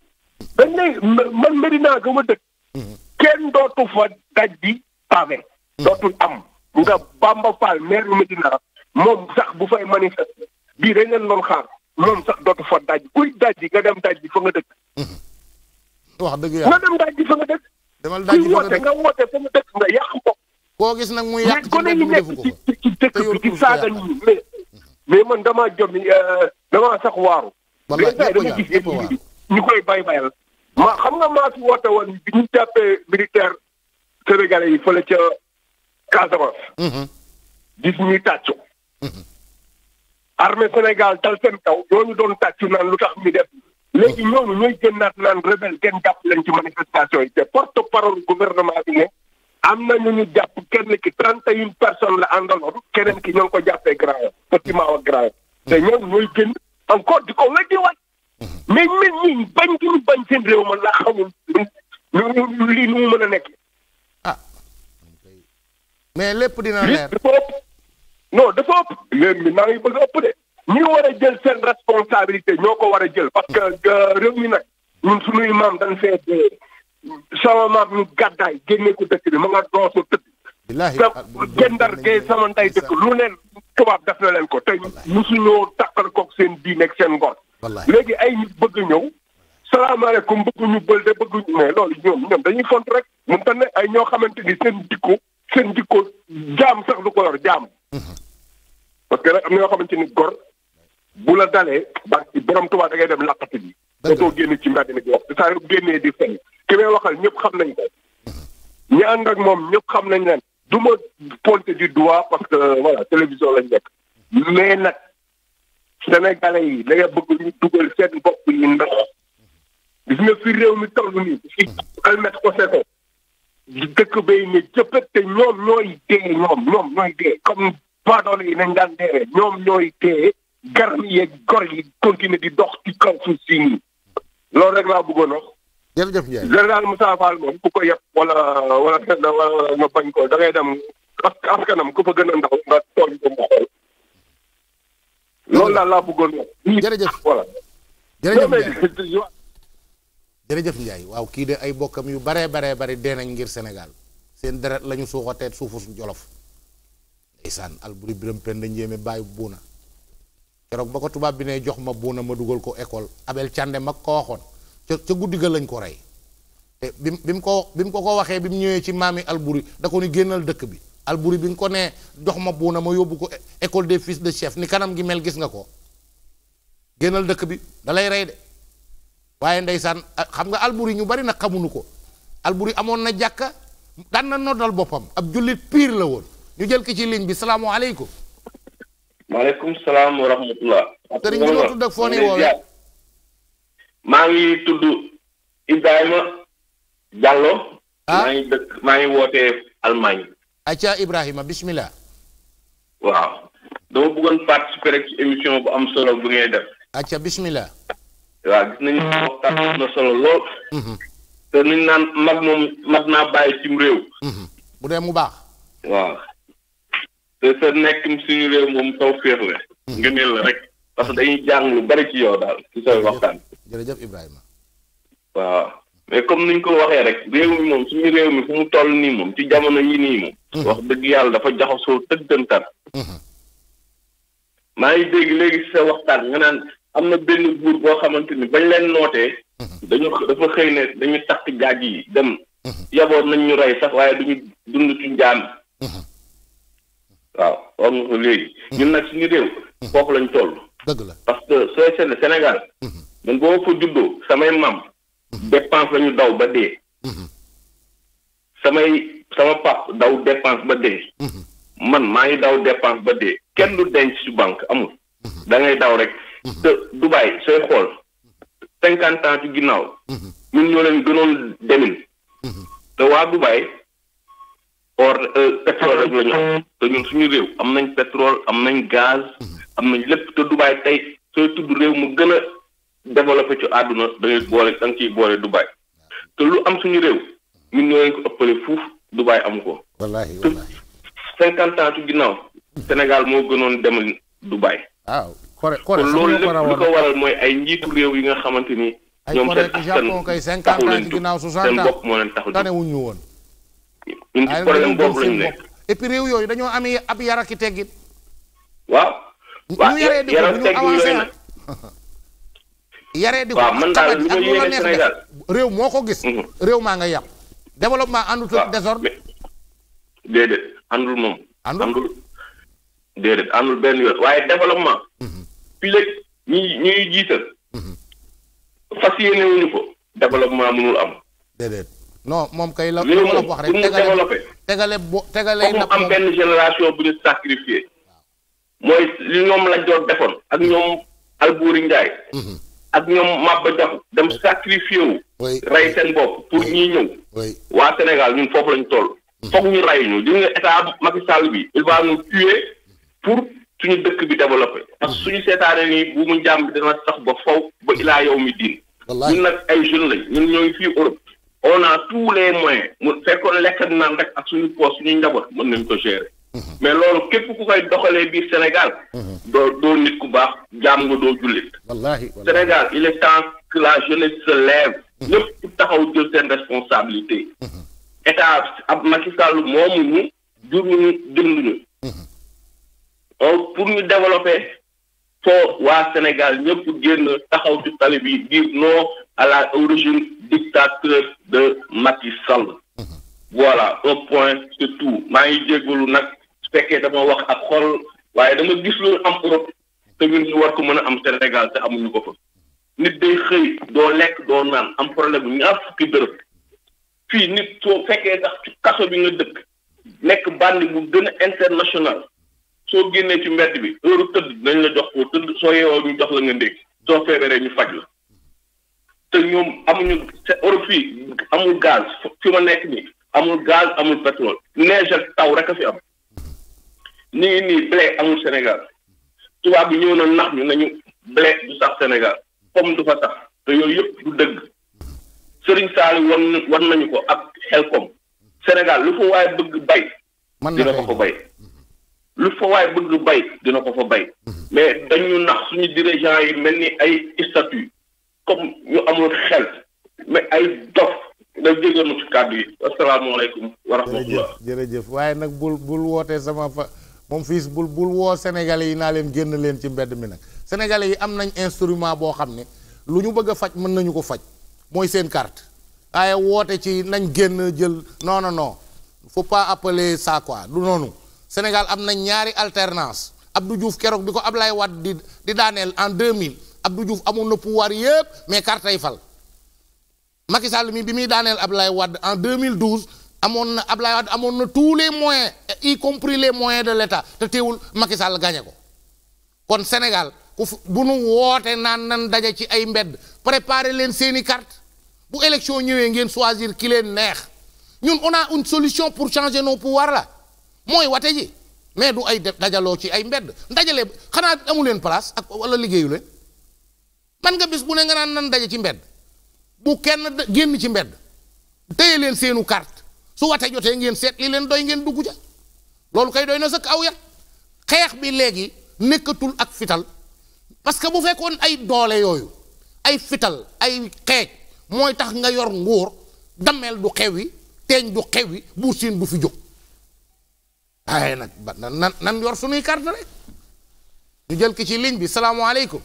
dañ lay man Medina ga ma dëkk mhm. kenn dootu fa daj bi mhm. dootul am nga Bamba Fall maire Medina moom sax bu fay manifester bii dañ leen doon xaar moom sax dootu fa daj kuy daj nga dem daj bi fa nga dëkk mhm. wax dëgg yàlla nga dem daj bi fa nga dëkk demal daal woote nga woote sama dëkk nga yàq ko. koo gis nag muy yàq ci dëkk ko ci ci dëkk bi di saaga ñi mais mais man dama jom euh, dama sax waaru. mais saa dama gis émission ñu koy bay bayal. ma xam nga maa fi woote woon bi ñu jàppee militaire sénégalais yi fële ca Casamance. Mhm. gis ñuy tàccu. Mhm. armée Sénégal dal seen kaw ñooñu doon tàccu naan lu tax ñu def. léegi ñooñu ñooy génnaat naan rebelle kenn jàpp leen ci manifestation yi te porte parole gouvernement bi am na ñu ñu jàpp kenn ki trente et une personnes la àndaloon keneen ki ñoo ngi ko jàppee Grand Yoff Petit Mbao Grand Yoff ñoom ñooy génn encore di ko weddi waat mais ñun ñii bañ gi ñu bañ seen réew ma laa xamul ñu lii nu mën a nekk. ah mais lépp dina leer. dafa ëpp non dafa ëpp. léegi maa ngi bëgg de. ñi war a jël seen responsabilité ñoo ko war a jël parce que euh, réew mi nag ñun suñuy maam dañ fee dee sama maam ñu gàddaay génne ko dëkk bi ma nga doosu tëdd te gendar gay sama ndey dëkk lu leen tubaab def na leen ko te musuñoo tàqal kook seen diine ak seen ngor léegi ay nit bëgg ñëw salaamaaleykum bëgguñu bël de bëgguñu mais loolu ñoom ñoom dañuy font rek moom tax ne ay ñoo xamante ni seen jikko seen jikko jaam sax du ko yor jaam mhm. parce que nag am na ñoo xamante ni gor bu la dalee ba borom tubaab da ngay dem làqati bi dootoo génn ci mbedd mi di wax te saa yoo génnee di fen ki may waxal ñëpp xam nañ ko ñi ànd moom ñëpp xam nañ leen du ma pointer du doigt parce que voilà télévision lañ nekk mais nag sénégalais yi da nga bëgg ñu dugal seen bopp yi ndax gis nga fi réew mi toll nii fi almet ko seto dëkk bay ne jëppët te ñoom ñooy dee ñoom ñoom ñooy dee comme pardon yi nañ daan deewee ñoom ñooy dee garam yeeg gor yi continuer di dox ci kaw suuf si nii loolu rek laa bëggoon wax. jërëjëf Ndiaye général Moussa Fall moom ku ko yeb wala ko gën a ndaw daal laa bëggoon wax. jërëjëf voilà. jërëjëf waaw kii de ay bokkam yu baree baree bari dee nañ ngir Sénégal seen deret la ñu suuxateet suufu jolof ndeysaan Alboury Birame Penda Ndiémé bàyyi buuna keroog ba ko tubaab bi ne jox ma buuna ma dugal ko école Abel Cànde mag ko waxoon ca guddi ga lañ ko rey te bi mu ko bi mu ko ko waxee bi mu ñëwee ci maami Alburi da ko ni génnal dëkk bi Alburi bi nga ko nee jox ma buuna ma yóbbu ko école des fils de chef ni kanam gi mel gis nga ko génnal dëkk bi dalay rey de waaye ndeysaan xam nga Alburi ñu bari nag xamuñu ko Alburi amoon na jàkka daan na noddal boppam ab jullit piir la woon ñu jël ki ci ligne bi salaamu aleykum maaleykum salaam wa rahmatullah. sëriñ bi nga tudd ak foo nii woowee maa ngi tudd Ibrahima Diallo. ah maa ngi dëkk maa ngi wootee Allemagne. acca Ibrahima bismillah. waaw dama bëggoon participer rek ci émission bu am solo bu ngay def. acca bismillah. waaw gis nañu waxtaan na solo mhm. mag moom mag naa bàyyi cim réew. Mhm. bu dee mu baax. waaw. te sa nekk suñu réew moom taw féex la nga neel rek parce que dañuy jàng lu bari ci yow daal ci say waxtaan. jërëjëf Ibrahima. waaw mais comme niñ ko waxee rek moom suñu réew mi fu mu toll nii moom ci jamono yi nii moom. Mm-hmm. dëgg yàlla dafa jaxasoo tëggantar. Mm-hmm. maa ngi dégg léegi ci sa waxtaan nga naan am na benn buur boo xamante ni bañ leen nootee. Mm-hmm. dañu dafa xëy ne dañu takk jaaj yi dem. yaboon nañ ñu rey sax waaye duñu dund ci jaan. waaw wax nga ko léegi. Hmm. ñun nag suñu réew. Hmm. foofu lañ toll. dëgg la parce que sooy seetlu Sénégal. Hmm. man boo fa juddoo samay maam. dépense la ñu daw ba dee. samay sama pap daw dépense ba dee. man maa ngi daw dépense ba dee kenn du denc ci banque amul. da ngay daw rek. te Dubaay sooy xool cinquante ans ci ginnaaw. ñun ñoo leen gënoon demin. te waa Dubaay. or euh, pétrole rek la am te suñu réew am nañ pétrole am nañ gaz am nañ lépp te Dubaay tey sooy tudd réew mu gën a développé ci àdduna da ngay boole da nga ciy boole Dubaay te lu am suñu réew ñu ñoo leen ko ëppale fuuf amu ko. wallaahi wallaahi te cinquante ans ci ginnaaw Sénégal moo gënoon demal Dubaay. waaw kore kore loolu lépp lu ko waral mooy ay njiitu réew yi nga xamante ni. ñoom seen askan taxul leen jug seen bopp moo leen taxul jug. ñun ci lañu nekk. et réew yooyu dañoo amee ab yar ak i teggin. waaw. waaw yar ak teggin yooyu nag yaree di ko man daal li ma yéene ko gis. Mm-hmm. réew maa nga yàqu. développement àndut ak désordre. déedéet àndul moom. àndul déedéet àndul benn yoon waaye développement. Mm-hmm. fii léegi ñuy jiital. Mm-hmm. fas yéene wuñu ko développement mënul am. non moom kay la. lii moom wax rek tegale tegale bu am benn génération bu ñu sacrifié. mooy li ñoom lañ doon defoon ak ñoom Albouri Ndiaye. Mhm. ak ñoom Maba Diakhou dem sacrifié wu. rey seen bopp pour ñii ñëw. waa Sénégal ñun foofu lañu toll. Mhm. foog ñu rey ñu li nga état Macky bi il va nous tuer pour suñu dëkk bi développé. parce mhm. suñu seetaane nii bu mu jàmm dina sax ba faw ba ilaa yow mi diin. ñun nag ay jeunes lañ ñun ñoo fii Europe. o naa tous les moyens mu fekkoon lekk naan rek ak suñu po suñu njaboot mën nañ ko gérer. Mhm. mais loolu képp ku koy doxalee biir Sénégal. Mhm. doo nit ku baax jaam nga doo jullit. wallaahi Sénégal il est temps que la jeunesse se lève. Mhm. ñëpp taxaw jël seen responsabilité. état ab Macky Sall moomu ñu jur mu dund ñu. pour ñu développer foo waa Sénégal ñëpp génn taxaw ci tali bi biir noo. à la, au régime dictateur de Macky Sall. voilà un point c'est maa ngi jégalu nag su fekkee dama wax ak xol waaye dama gis loolu am Europe te ñun ñu war ko mën a am Sénégal te amuñu ko fa. nit day xëy doo lekk doo naan am problème bu ñaar fukki dërëm fii nit soo fekkee sax ci kaso bi nga dëkk nekk bandi bu gën a international soo génnee ci mbedd bi heure tëdd nañ la jox ko tëdd soo yeewoo ñu jox la nga ndékki soo feebaree ñu faj la. te ñoom amuñu Europe fii amul gaz fi ma nekk nii amul gaz amul pétrole neige ak rek a fi am ni ngi nii blé amul Sénégal tubaab bi ñëw na nax ñu nañu blé du sax Sénégal comme du fa sax te yooyu yëpp du dëgg Sëriñ Sall wan wan nañu ko ak xel kom Sénégal lu fa waaye bëgg bay dina ko fa bay lu fa waaye bëgg bay dina ko fa bay mais dañu nax suñu dirigeant yi mel ni ay statut comme ñu amul xel mais ay dof daf jégal ma ci kàddu yi asalaamaaleykum wa rahmatulah jërëjëf waaye nag bul bul wootee sama fa moom fiis bul bul woo sénégalais yi naa leen génn leen ci mbedd mi nag sénégalais yi am nañ instrument boo xam ne lu ñu bëgg a faj mën nañu ko faj mooy seen carte waaye woote ci nañ génn jël noona non non faut pas appeler ça quoi du noonu Sénégal am na ñaari alternance Abdou juuf keroog bi ko Ablaye Wade di di daaneel en 2000 ak Abdou Diouf amoon na pouvoir yépp mais carte ay fal Macky Sall mi bi muy daaneel Ablaye Wade en 2012 amoon na Ablaye amoon na tous les moyens y compris les moyens de l'État te teewul Macky Sall gagné ko kon Sénégal ku bu nu woote naan nan daje ci ay mbedd préparer leen seeni carte bu élection ñëwee ngeen choisir ki leen neex ñun on a une solution pour changer nos pouvoirs la mooy wate ji mais du ay dajaloo ci ay mbedd ndajale xanaa amu leen place ak wala liggéeyu leen man nga bis bu ne nga naan nan daje ci mbedd bu kenn génn ci mbedd téye leen seenu carte su watee jotee ngeen seet li leen doy ngeen dugg ca loolu kay doy na sëkk aw ya xeex bi léegi nekkatul ak fital parce que bu fekkoon ay doole yooyu ay fital ay xeej mooy tax nga yor nguur dameel du xew yi teeñ du xew yi buur siin du fi jóg waaye nag nan nan yor sunuy carte rek ñu jël ki ci ligne bi salaamaaleykum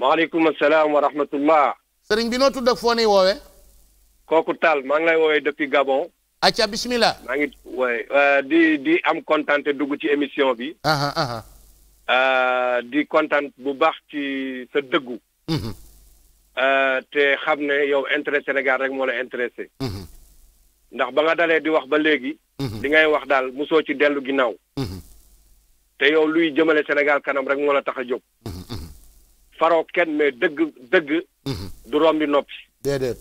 maaleykum salaam wa rahmatullah. sëriñ bi noo tudd ak foo nii woowee. kooku Tall maa ngi lay woowee depuis Gabon. acca bismillah. maa ngi woy euh, di di am kontaan dugg ci émission bi. Euh, di kontaan bu baax ci sa dëggu. Mhm. Euh, te xam ne yow intérêt Sénégal rek moo la intéressé. Mhm. ndax ba nga dalee di wax ba léegi. Mhm. li ngay wax daal mosoo ci dellu ginnaaw. te yow luy jëmale Sénégal kanam rek moo la tax a jóg. faroo kenn mais dëgg dëgg mhm. du rombi noppi déedéet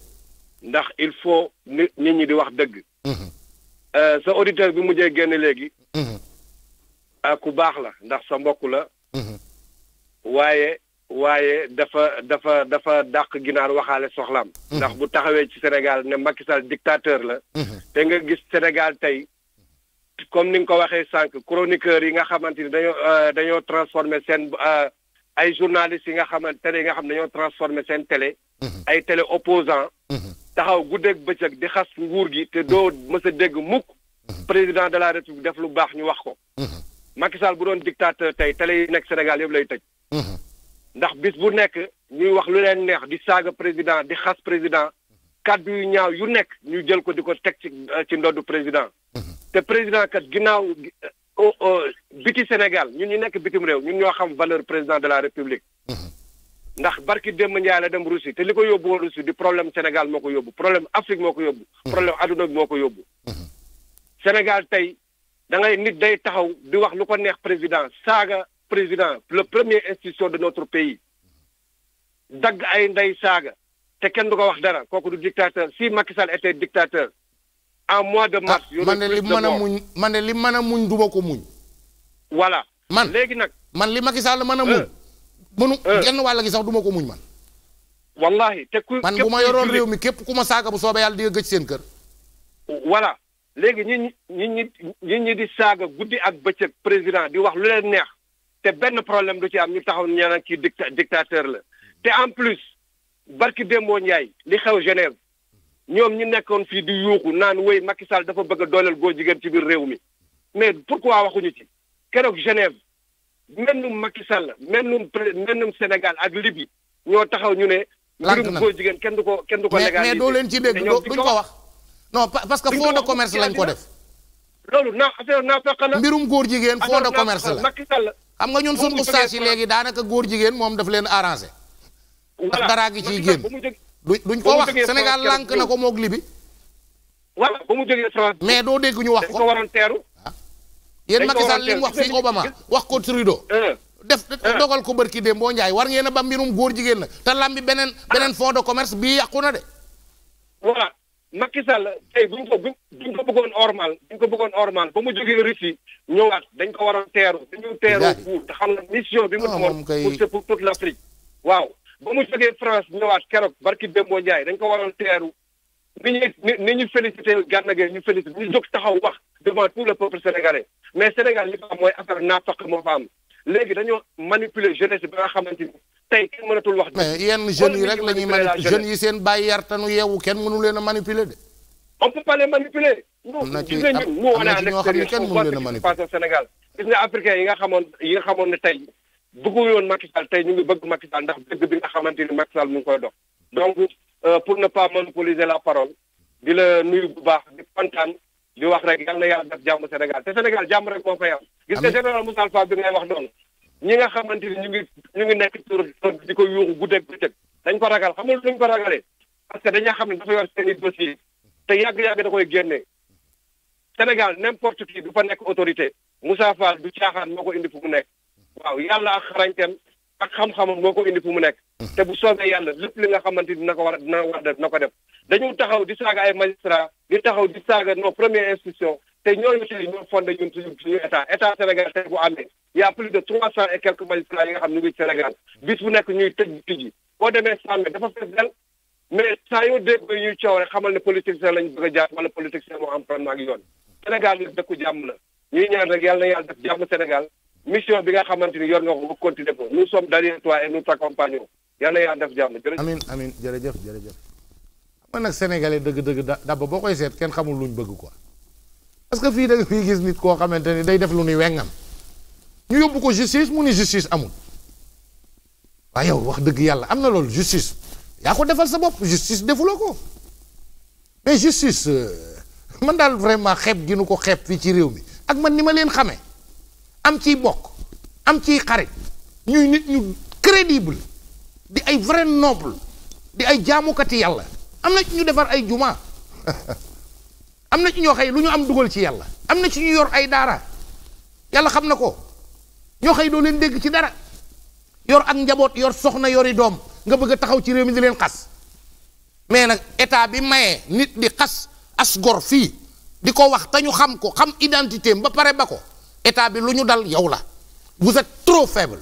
ndax il faut nit ñi di wax dëgg mhm. euh, sa auditeur bi mujjee génn léegi mhm. ah, ku baax la ndax sa mbokk la waaye waaye dafa dafa dafa dàq ginaar waxaale soxlaam ndax bu taxawee ci Sénégal ne Macky Sall dictateur la te nga gis Sénégal tey comme ni nga ko waxee sànq chroniqueur yi nga xamante ni dañoo euh, dañoo transformé seen euh, ay journalistes yi nga xaman télé yi nga xam ne dañoo transformé seen télé. Mhm. ay télé opposant mhm. taxaw guddeeg bëccëg di xas nguur gi te doo mës a dégg mukk mhm. président de la république def lu baax ñu wax ko. Macky Sall bu doon dictateur tey télé yi nekk Sénégal yëpp lay tëj. ndax bis bu nekk ñuy wax lu leen neex di saaga président di xas président kàddu yu ñaaw yu nekk ñu jël ko di ko teg ci ci ndoddu président. te président kat biti Sénégal ñun ñu nekk bitim réew ñun ñoo xam valeur président de la république. Mhm. ndax barki démb Ndiaye la dem Russie te li ko yóbbu woon Russie du problème Sénégal moo ko yóbbu problème Afrique moo ko yóbbu. Mhm. problème adduna bi moo ko yóbbu. Mhm. Sénégal tey da ngay nit day taxaw di wax lu ko neex président saaga président le premier institution de notre pays dagg ay ndey saaga te kenn du ko wax dara kooku du dictateur si Macky Sall dictateur en mois de mars. Ah, man de li mën a muñ man de li mën a muñ du ma muñ. voilà man léegi nag. man li ma Sall mën a euh. muñ. mënu euh. genn wàll gi sax du ma ko muñ man. wallahi te ku man bu ma yoroon réew mi képp ku ma saaga bu soobee yàlla di nga seen kër. voilà léegi ñi ñi ñi ñi ñi di saaga guddi ak bëccëg président di wax lu leen neex te benn problème du ci am ñu taxaw ñaanal kii dictateur la te en plus barki Demba Ndiaye li xew Genève. ñoom ñi nekkoon fii di yuuxu naan wéy Macky Sall dafa bëgg dooleel goo jigéen ci biir réew mi mais pour pourquoi waxuñu ci keroog Genève mennum Macky Sall mennum mennum Sénégal ak Libye ñoo taxaw ñu ne. mbirum góor jigéen kenn du ko kenn du ko légaliser mais doo leen ci dégg duñ ko wax. non parce que fond de commerce lañ ko def. loolu naa affaire naa fekk góor jigéen fond de commerce la Macky Sall xam nga ñun suñu ustaas yi léegi daanaka góor jigéen moom daf leen arrangé. voilà ndax daraa ngi ciy génn. duñ ko wax Sénégal lank na ko moog Libi. wala ba mu jógee France. mais doo dégg ñu wax ko dañ ko waroon teeru. Ah. yéen Macky Sall li mu wax fii Obama wax ko Trudeau. Eh. def eh. dogal ko barki dem boo Ndiaye war ngeen a ba mbirum góor jigéen la te lambi beneen ah. beneen fond de commerce bi yàqu na de. voilà Macky Sall tey buñ ko buñ ko bëggoon ormal buñ ko bëggoon ormal ba mu jógee Russie ñëwaat dañ ko waroon teeru dañu teeru. te xam na mission bi mu. Ah, moom kay pour toute l'Afrique waaw. ba mu jógee France ñëwaat keroog barki Dembo Ndiaye dañ ko waroon teeru ni ñuy ni ñu félicité Gana Gueye ñu félicité ñu jóg taxaw wax devant tout le peuple sénégalais mais Sénégal li fa am mooy affaire naafaq moo fa léegi dañoo manipuler jeunesse ba nga xamante ni tey kenn mënatul wax. mais yenn jeunes yi rek la ñuy manipuler jeunes yi seen ba yar tanu yeewu kenn mënu leen a manipuler de. on peut pas les manipuler. am na ci am na ci ñoo xam ne kenn mënu yi nga xamoon yi nga xamoon ne tey bëggu yoon Macky Sall tey ñu ngi bëgg Macky Sall ndax dëgg bi nga xamante ni Macky Sall mu ngi koy dox. donc euh, pour ne pas monopoliser la parole di la nuyu bu baax di kontaan di wax rek yal na yàlla def jàmm Sénégal te Sénégal jàmm rek moo fay am. gis nga général Moussa Fall bi ngay wax noonu. ñi nga xamante ni ñu ngi ñu ngi nekk tur di ko yuuxu guddeeg bëccëg dañ ko ragal xam nga lu ñu ko ragalee parce que dañaa xam ne dafa yor seen i dossier te yàgg-yàgg da koy génne Sénégal n'importe qui du fa nekk autorité Moussa Fall du caaxaan moo ko indi fu mu nekk waaw yàlla ak xarañteem ak xam-xamam moo ko indi fu mu nekk. Mm. te bu soobee yàlla lépp li nga xamante dina ko war a dina war ko def dañu taxaw di saaga ay magistrat di taxaw di saaga nos première institution te ñooñu tey ñoo fondé ñun suñu suñu état état Sénégal tey bu amee a plus de trois cent et quelques ñu ngi bu tijji boo demee sàmme dafa fees del mais saa yoo dégg ñuy coow rek xamal ne politicien lañ bëgg a jàpp wala politicien moo am problème ak yoon Sénégal yi dëkku jàmm la ñuy ñaan rek yàlla na yàlla def jàmm Sénégal mission bi nga xamante ni yor nga ko nga continuer ko nous sommes derrière toi et nous t'accompagnons yàlla yaa def jàmm jërëjëf. amiin amiin jërëjëf jërëjëf. man nag sénégalais dëgg-dëgg da daba boo koy seet kenn xamul luñ bëgg ko parce que fii da fii gis nit koo xamante ni day def lu ñuy wengam ñu yóbbu ko justice mu ni justice amul waaye yow wax dëgg yàlla am na loolu justice yaa ko defal sa bopp justice defuloo ko mais justice euh, man daal vraiment xeeb gi ko xeeb fii ci réew mi ak man ni ma leen xamee. am ciy bokk am ciy xarit ñuy nit ñu crédible di ay vrai noble di ay jaamukati yàlla am na ci ñu defar ay juma *laughs* am na ci ñoo xëy lu ñu am dugal ci yàlla am na ci ñu yor ay daara yàlla xam na ko ñoo xëy doo leen dégg ci dara yor ak njaboot yor soxna yori doom nga bëgg a taxaw ci réew mi di leen xas mais nag état bi mayee nit di xas as gor fii di ko wax te ñu xam ko xam identité ba pare ba ko état bi lu ñu dal yow la vous êtes trop faible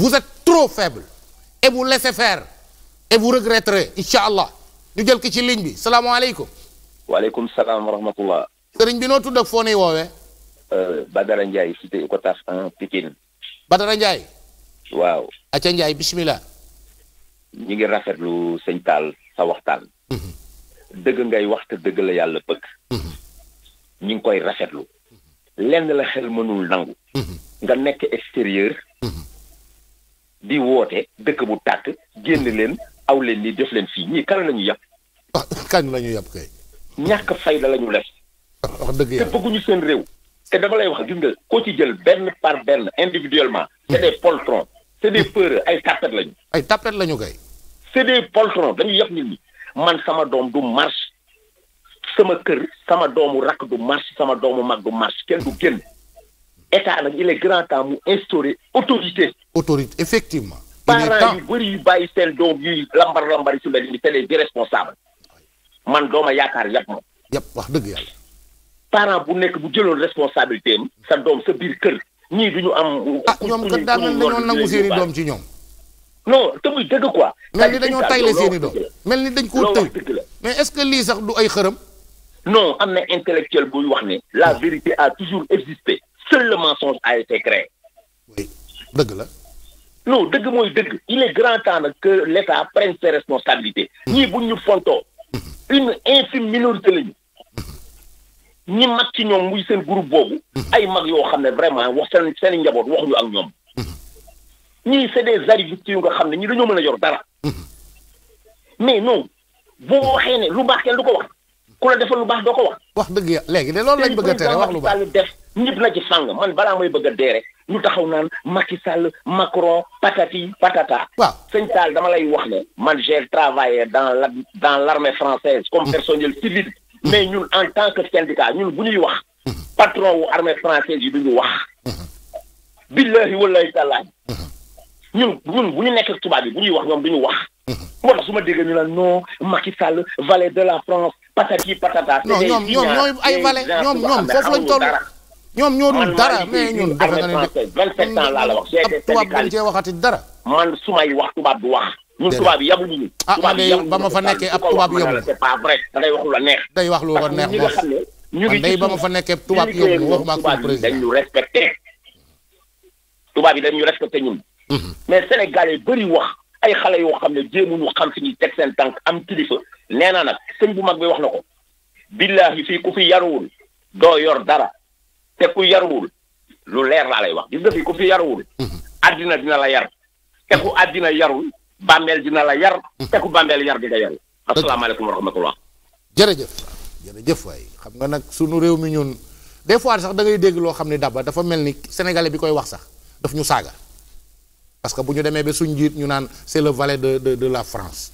vous êtes trop faible et vous laissez faire et vous regretterez incha allah ñu jël ki ci ligne bi salaamaaleykum. waaleykum salaam wa rahmatullah. sëriñ bi noo tudd ak foo nii woowee. Euh, Badara Ndiaye cité Icotaf 1 Pikine. Badara Ndiaye. waaw. Aca Ndiaye bisimilah. ñu ngi rafetlu sëñ Tall sa waxtaan. Mhm. dëgg ngay wax dëgg la yàlla bëgg. Mhm. ñu ngi koy rafetlu. lenn la xel mënul nangu. Mhm. nga nekk extérieur. Mhm. di woote dëkk bu tàkk génn mhm. leen aw leen nii def leen fii ñii kan la ñu yàpp. Ah, la ñu yàpp kay. ñàkk fayda la ñu def. wax dëgg yàlla seen réew. te dama lay wax gis nga koo ci jël benn par benn individuellement. c'est des poltrons c'est ay tapet lañu. ay tapet lañu kay. c'est des dañu yàpp nit ñi man sama doom du marche. sama kër sama doomu rakk du marche sama doomu mag du marche kenn du génn état nag il est grand temps mu instaurer autorité. autorité effectivement. parents yu bëri yu bàyyi seen doom yuy lambar lambari su mel ni c'est les irresponsables man dooma yaakaar yàpp ma. yàpp wax dëgg yàlla. parent bu nekk bu jëloon responsabilité am sa doom sa biir kër ñii du ñu am. ah ñoom kat daal nañ dañoo nangu seeni doom ci ñoom. non te muy dëgg quoi. mel ni dañoo tayle seeni doom mel ni dañ koo tëj est-ce que lii sax du ay xërëm. non am na intellectuel buy wax ni la vérité a toujours existé seul le mensonge a été créé. dëgg la. non dëgg mooy dëgg. il est grand temps nag que l' état prenne ses responsabilités. Mhm. ñii buñ ñu fontoo. Mhm. une infime minorité lañu. Mhm. ñi mag ci ñoom muy seen groupe boobu. ay mag yoo xam ne vraiment wax seen seen njaboot waxuñu ak ñoom. ñii c' est des arrivistes yu nga xam ne ñi dañoo mën a yor dara. mais non boo waxee ne lu baax kenn lu ko wax. ku la defal lu baax doo ko wax. wax dëgg ya léegi de loolu lañ bëgg a tere wax def ñëpp na ci sàng man balaa may bëgg a dee rek ñu taxaw naan Macky Sall Macron patati patata. waaw sëñ Tall dama lay wax ne. man j'ai travaillé dans la dans l' armée française comme personnel civil. mais ñun en tant que syndicat ñun bu ñuy wax. patron wu armée française yi du ñu wax. billahi wallahi taala ñun ñun bu ñu nekk tubaab bi bu ñuy wax ñoom du ñu wax. moo tax su ma déggee ñu naan non Sall valet de la France. patati patata. non ñoom ñoom ñooy ay vale ñoom ñoom foofu lañ ñoom ñoo dul dara mais ñun dafa nga ne de vingt-sept ans laa wax. ab tubaab dañ cee waxati dara. man su may wax tubaab du wax. ñun tubaab yi yabuñu ah ba ma fa nekkee ab tubaab yomb. c'est pas vrai wax la neex. day wax lu la neex moom parce que ñu ngi xam ne. ba ma fa nekkee tubaab yomb waxuma ak suñu président. dañ ñu respecté tubaab yi dañ ñu respecté ñun. Mhm. mais Sénégal yi bëri wax. ay xale yoo xam ne jéemuñu xam fi ñuy teg seen tànk am kilifa nee na nag sëñ bu mag bi wax na ko billahi fii ku fi yaruwul doo yor dara te ku yaruwul lu leer laa lay wax gis nga fii ku fi yaruwul àddina dina la yar te ku àddina yarul bàmmeel dina la yar te ku bàmmeel yar di nga yarul asalaamaaleykum wa rahmatullah jërëjëf jërëjëf waay xam nga nag sunu réew mi ñun des fois sax da ngay dégg loo xam ne daba dafa mel ni sénégalais bi koy wax sax daf ñu saaga parce que bu ñu demee ba suñ njiit ñu naan c'est le valet de de de la France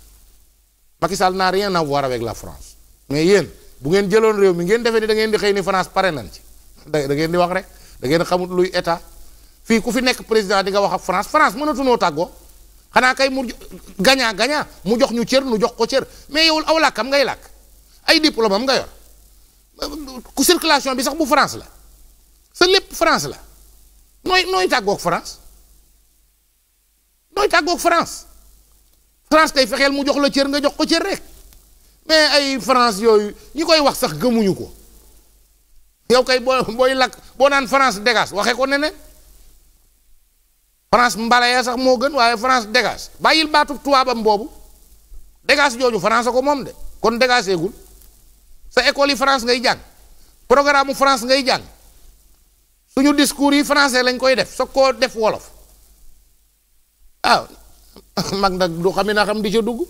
Macky Sall n'a rien à avec la France mais yéen bu ngeen jëloon réew mi ngeen defee ni da ngeen di xëy ni France pare nañ ci dangeen di wax rek da ngeen xamut luy état fii ku fi nekk président di nga wax ak France France mënatunoo tàggoo xanaa kay mu gañaa gañaa mu jox ñu cër nu jox ko cër mais yowul aw làkkam ngay làkk ay diplôme am nga yor ku circulation bi sax bu France la sa lépp France la nooy nooy tàggoog dooy tàggoog France France kay fexeel mu jox la cër nga jox ko cër rek mais ay France yooyu ñu koy wax sax gëmuñu ko yow kay boo booy lakk boo naan France dégage waxee ko neneen France mbalaya sax moo gën waaye France dégage bàyyil baatu tubaabam boobu dégage jooju France ko moom de kon dégageegul sa école yi France ngay jàng programme France ngay jàng suñu discours yi français lañ koy def soog ko def wolof ah mag nag du xam ne naa xam di ca dugg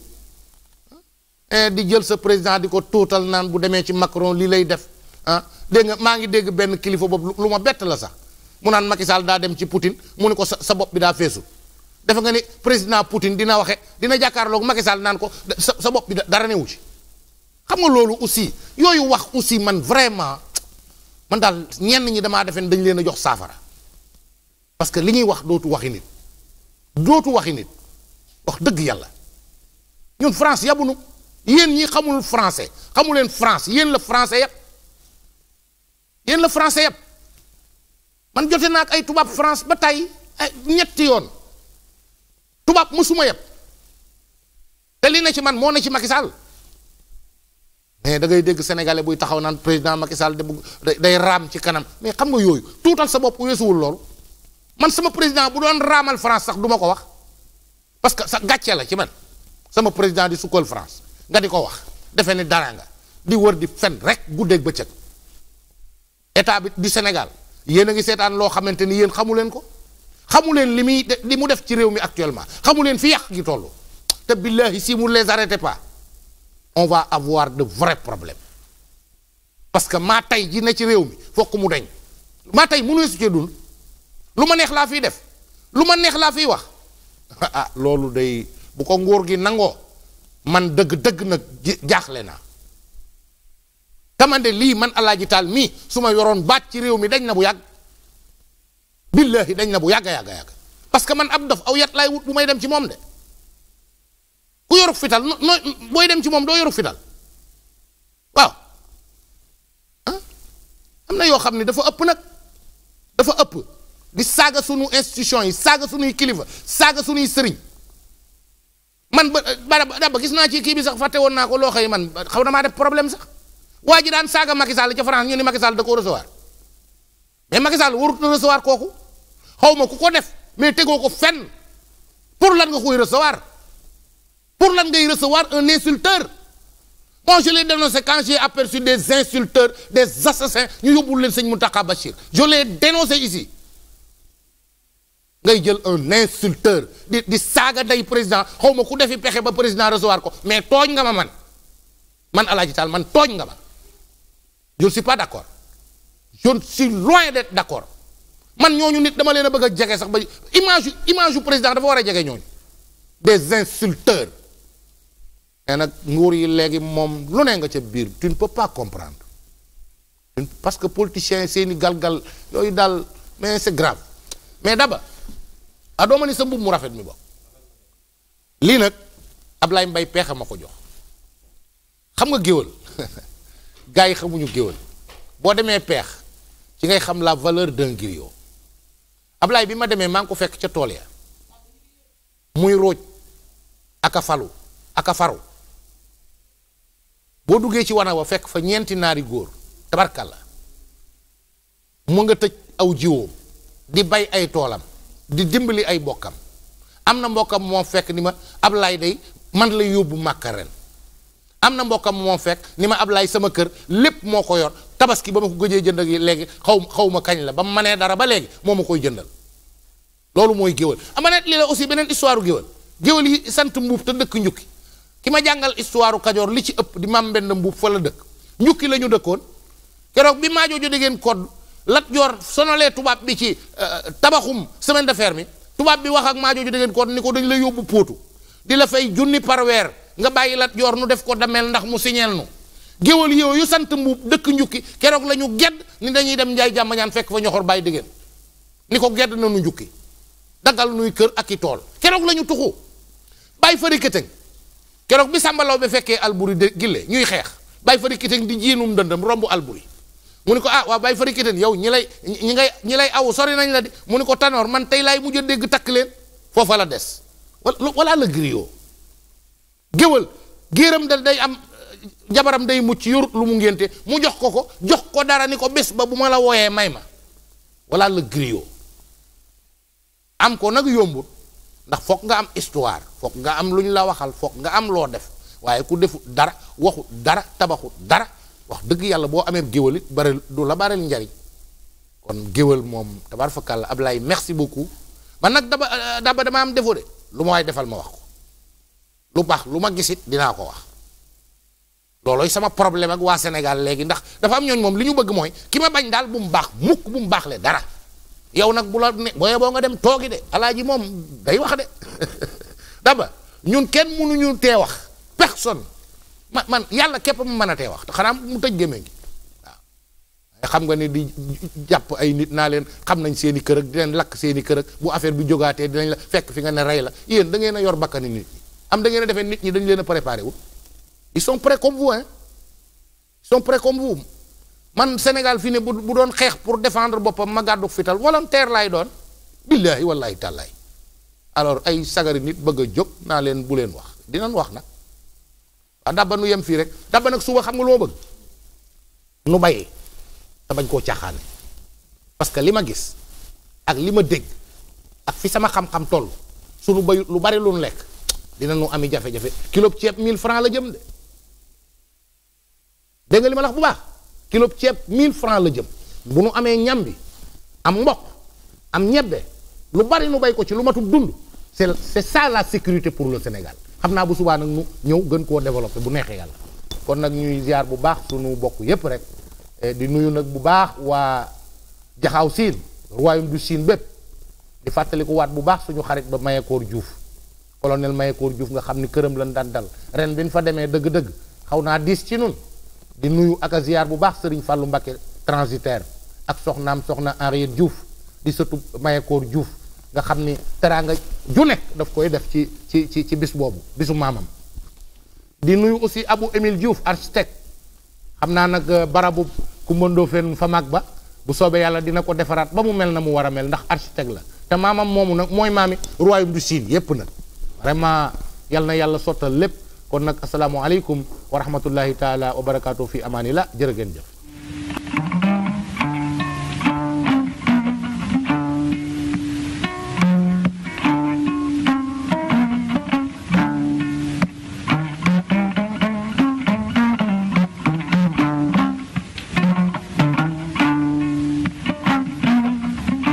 eh, di jël sa président di ko tuutal naan bu demee ci Macron lii lay def ah dégg nga maa ngi dégg benn kilifa boobu lu ma bett la sax mu naan Macky daa dem ci Poutine mu ne ko sa sa bopp bi daa feesu defe nga ni président Poutine dina waxe dina jàkkaarlook Macky Sall naan ko sa sa bopp bi dara newu ci xam nga loolu aussi yooyu wax aussi man vraiment man daal ñenn ñi damaa defen dañ leen a jox saafara parce que li ñuy wax dootu waxi nit dootu waxi nit wax dëgg yàlla ñun France yabunu yéen ñi xamul français xamu leen France yéen la français yëpp yéen la français yëpp man jote naa ak ay tubaab France ba tey ay ñetti yoon tubaab mësuma yëpp te li na ci man moo na ci Macky Sall mais da ngay dégg sénégalais buy taxaw naan président Macky Sall day raam ci kanam mais xam nga yooyu tuutal sa bopp weesuwul loolu. man sama président bu doon raamal France sax du ma ko wax parce que sa gàcce la ci man sama président di sukkal France nga di ko wax defe ni dara nga di wër di fen rek guddeeg bëccëg état bi du Sénégal yéen a ngi seetaan loo xamante ni yéen xamu leen ko xamu leen li muy de li mu def ci réew mi actuellement xamu leen fi yàq gi toll te billahi si mu ne les arrêtez pas on va avoir de vrais problème parce que maa tey ji ne ci réew mi fokk mu dañ maa tey mënoo su cee lu ma neex laa fiy def lu ma neex laa fiy wax *laughs* ah, loolu day bu ko nguur gi nangoo man dëgg-dëgg nag jaaxle naa tamande lii man alaaji taal mii su ma yoroon baat ci réew mi dañ na bu yàgg billaahi dañ na bu yàgg a yàgg a yàgg que man ab dof aw yat laay wut bu may dem ci moom de ku yorug fital no booy dem ci moom doo yoru fital waaw ah? am na yoo xam ne dafa ëpp nag dafa ëpp di saaga sunu institution yi saaga sunuy kilifa saaga sunuy sëriñ man ba dabba gis naa ci kii bi sax fàtte woon naa ko loo xëy man xaw na maa def problème sax waa ji daan saaga Macky Sall ca France ñu ni Macky Sall da ko recevoir mais Macky Sall warut na kooku xaw ma ku ko def mais tegoo ko fenn pour lan nga koy recevoir pour lan ngay recevoir un insulteur bon je l'ai dénoncé quand j'ai aperçu des insulteurs des assassins ñu yóbbul leen sëñ Mountakha Bachir je l'ai dénoncé ici ngay jël un insulteur di di saaga ndey président xaw ma ku defi pexe ba président recevoir ko mais tooñ nga ma man man Alaaji Taal man tooñ nga ma je ne suis pas d' accord je suis loin de être d' accord man ñooñu nit dama leen a bëgg a jege sax ba image image yu président dafa war a jege ñooñu des insulteurs mais nag nguur yi léegi moom lu ne nga ca biir tu ne peux pas comprendre parce que politiciens seeni gal yooyu daal mais c' est grave mais daba ah doo ma ni sa mbubb mu rafet mi ba lii nag Ablaye Mbaye peexa ma ko jox xam nga géwal *laughs* gars yi xamuñu géwal boo demee peex ci ngay xam la valeur d'un griot Ablaye bi ma demee maa ngi ko fekk ca tool ya muy rooj aka falu aka faru boo duggee ci wana fekk fa ñeenti naari góor tabarkalla mu nga tëj aw jiwoom di bay ay toolam di dimbali ay mbokkam am na mbokkam moom fekk ni ma Ablaye day man la yóbbu Màkka ren am na mbokkam moom fekk ni ma Ablaye sama kër lépp moo ko yor tabaski ba ma ko gëjee jënd ak léegi xaw xaw ma kañ la ba ma nee dara ba léegi moo ma koy jëndal loolu mooy géwél ama ne lii la aussi beneen histoire u géwél yi sant mbuub te dëkk njukki ki ma jàngal histoire kajoor li ci ëpp di ma mbenn mbuub fa la dëkk njukki la ñu dëkkoon keroog bi maa jooju déggeen kodd Lat Joor sonalee tubaab bi ci euh, tabaxum semaine de fer mi tubaab bi wax ak maajooju dégg ko ni ko dañ la yóbbu pootu di la fay junni par weer nga bàyyi Lat Joor nu def ko dameel ndax mu siñeel nu géwal yow yu sant mbuub dëkk njukki keroog la ñu gedd ni dañuy dem njaay jàmba ñaan fekk fa ñoxor bàyyi diggéen ni ko gedd na njukki dagal nuy kër ak i tool keroog la ñu tuxu bàyyi fari këtëng keroog bi sàmbalaw bi fekkee alburi de gille ñuy xeex bàyyi fari këtëng di jiinum dëndëm romb alburi mu ne ko ah waa bay Fary Kitten yow ñi lay ñi ngay ñi lay aw sori nañ la di mu ne ko tanoor man tey laay mujj a dégg takk leen foofa la des wala la griyo géwal géeram da day am euh, jabaram day mucc yorut lu mu ngénte mu jox ko ko jox ko dara ni ko bés ba bu ma la wooyee may ma wala la griot am ko nag yombut ndax foog nga am histoire foog nga am lu ñu la waxal foog nga am loo def waaye ku defut dara waxut dara tabaxut dara wax dëgg yàlla boo amee géwal it bari du la bareel njariñ kon géwal moom tabar fakàlla Ablaye merci beaucoup man nag daba daba dama am défaut de lu ma waay defal ma wax ko lu baax lu ma gisit dinaa ko wax loolooy sama problème ak waa Sénégal léegi ndax dafa am ñooñ moom li ñu bëgg mooy ki ma bañ daal bu mu baax mukk bu mu baax lee dara yow nag bu la ne booyee boo nga dem toogi de alaaji moom day wax de *laughs* daba ñun kenn mënuñu te wax personne man man yàlla képp mu mën a tee wax xanaa mu tëj gémmiñ gi waaw xam nga ni di jàpp ay nit naa leen xam nañ seeni i di leen lakk seen kër ak bu affaire bi jógaatee dinañ la fekk fi nga ne rey la yéen da ngeen a yor bakkani nit ñi am da ngeen defee nit ñi dañ leen a préparé wu ils sont prêts comme vous hein ils sont comme vous man Sénégal fii ne bu bu doon xeex pour défendre boppam ma gàddu fital volontaire laay doon billaahi wallaahi tàllaay alors ay sagari nit bëgg a jóg naa leen bu leen wax dinañ wax na waaw ah, dabba nu yem fii rek dabba nag suba xam nga lu ma bëgg nu bayee te bañ koo caaxaane parce que li ma gis ak li ma dégg ak fi sama xam-xam su suñu bayut lu bari lu nu lekk dinañu ami jafe-jafe kilo ceeb mille francs la jëm de dégg ma la bu baax kilo ceeb mille francs la jëm bu nu amee ñam bi am mboq am ñebbe lu bari nu bay ko ci lu matul dund c'est c'est ça la sécurité pour le Sénégal xam naa bu subaa nag nu ñëw gën koo développé bu neexee yàlla kon nag ñuy ziar bu baax sunu bokk yépp rek eh, di nuyu nag bu baax waa jaxaaw siin royaume du Sine bépp di fàttaliku waat bu baax suñu xarit ba Mayekoor Diouf colonel Mayekoor juuf nga xam ni këram lañ daan dal ren bi ñu fa demee dëgg-dëgg xaw naa diis ci nun di nuyu ak a bu baax sëriñ fàllu Mbacké transitaire ak soxnaam soxna Henriette juuf di sëtu Mayekoor juuf nga xam ni teraanga ju nekk daf koy def ci ci ci ci bis boobu bisu maamam di nuyu aussi abu Émile Diouf architecte xam naa nag euh, barabu Coumba Ndoffène fa mag ba bu soobee yàlla dina ko defaraat ba mu mel na mu war a mel ndax architecte la te maamam moomu nag mooy maami royaume du Sine yépp nag vraiment yal na yàlla sottal lépp kon nag asalaamualeykum wa rahmatullahi taala wa fi amaani la jërë ngeen jëf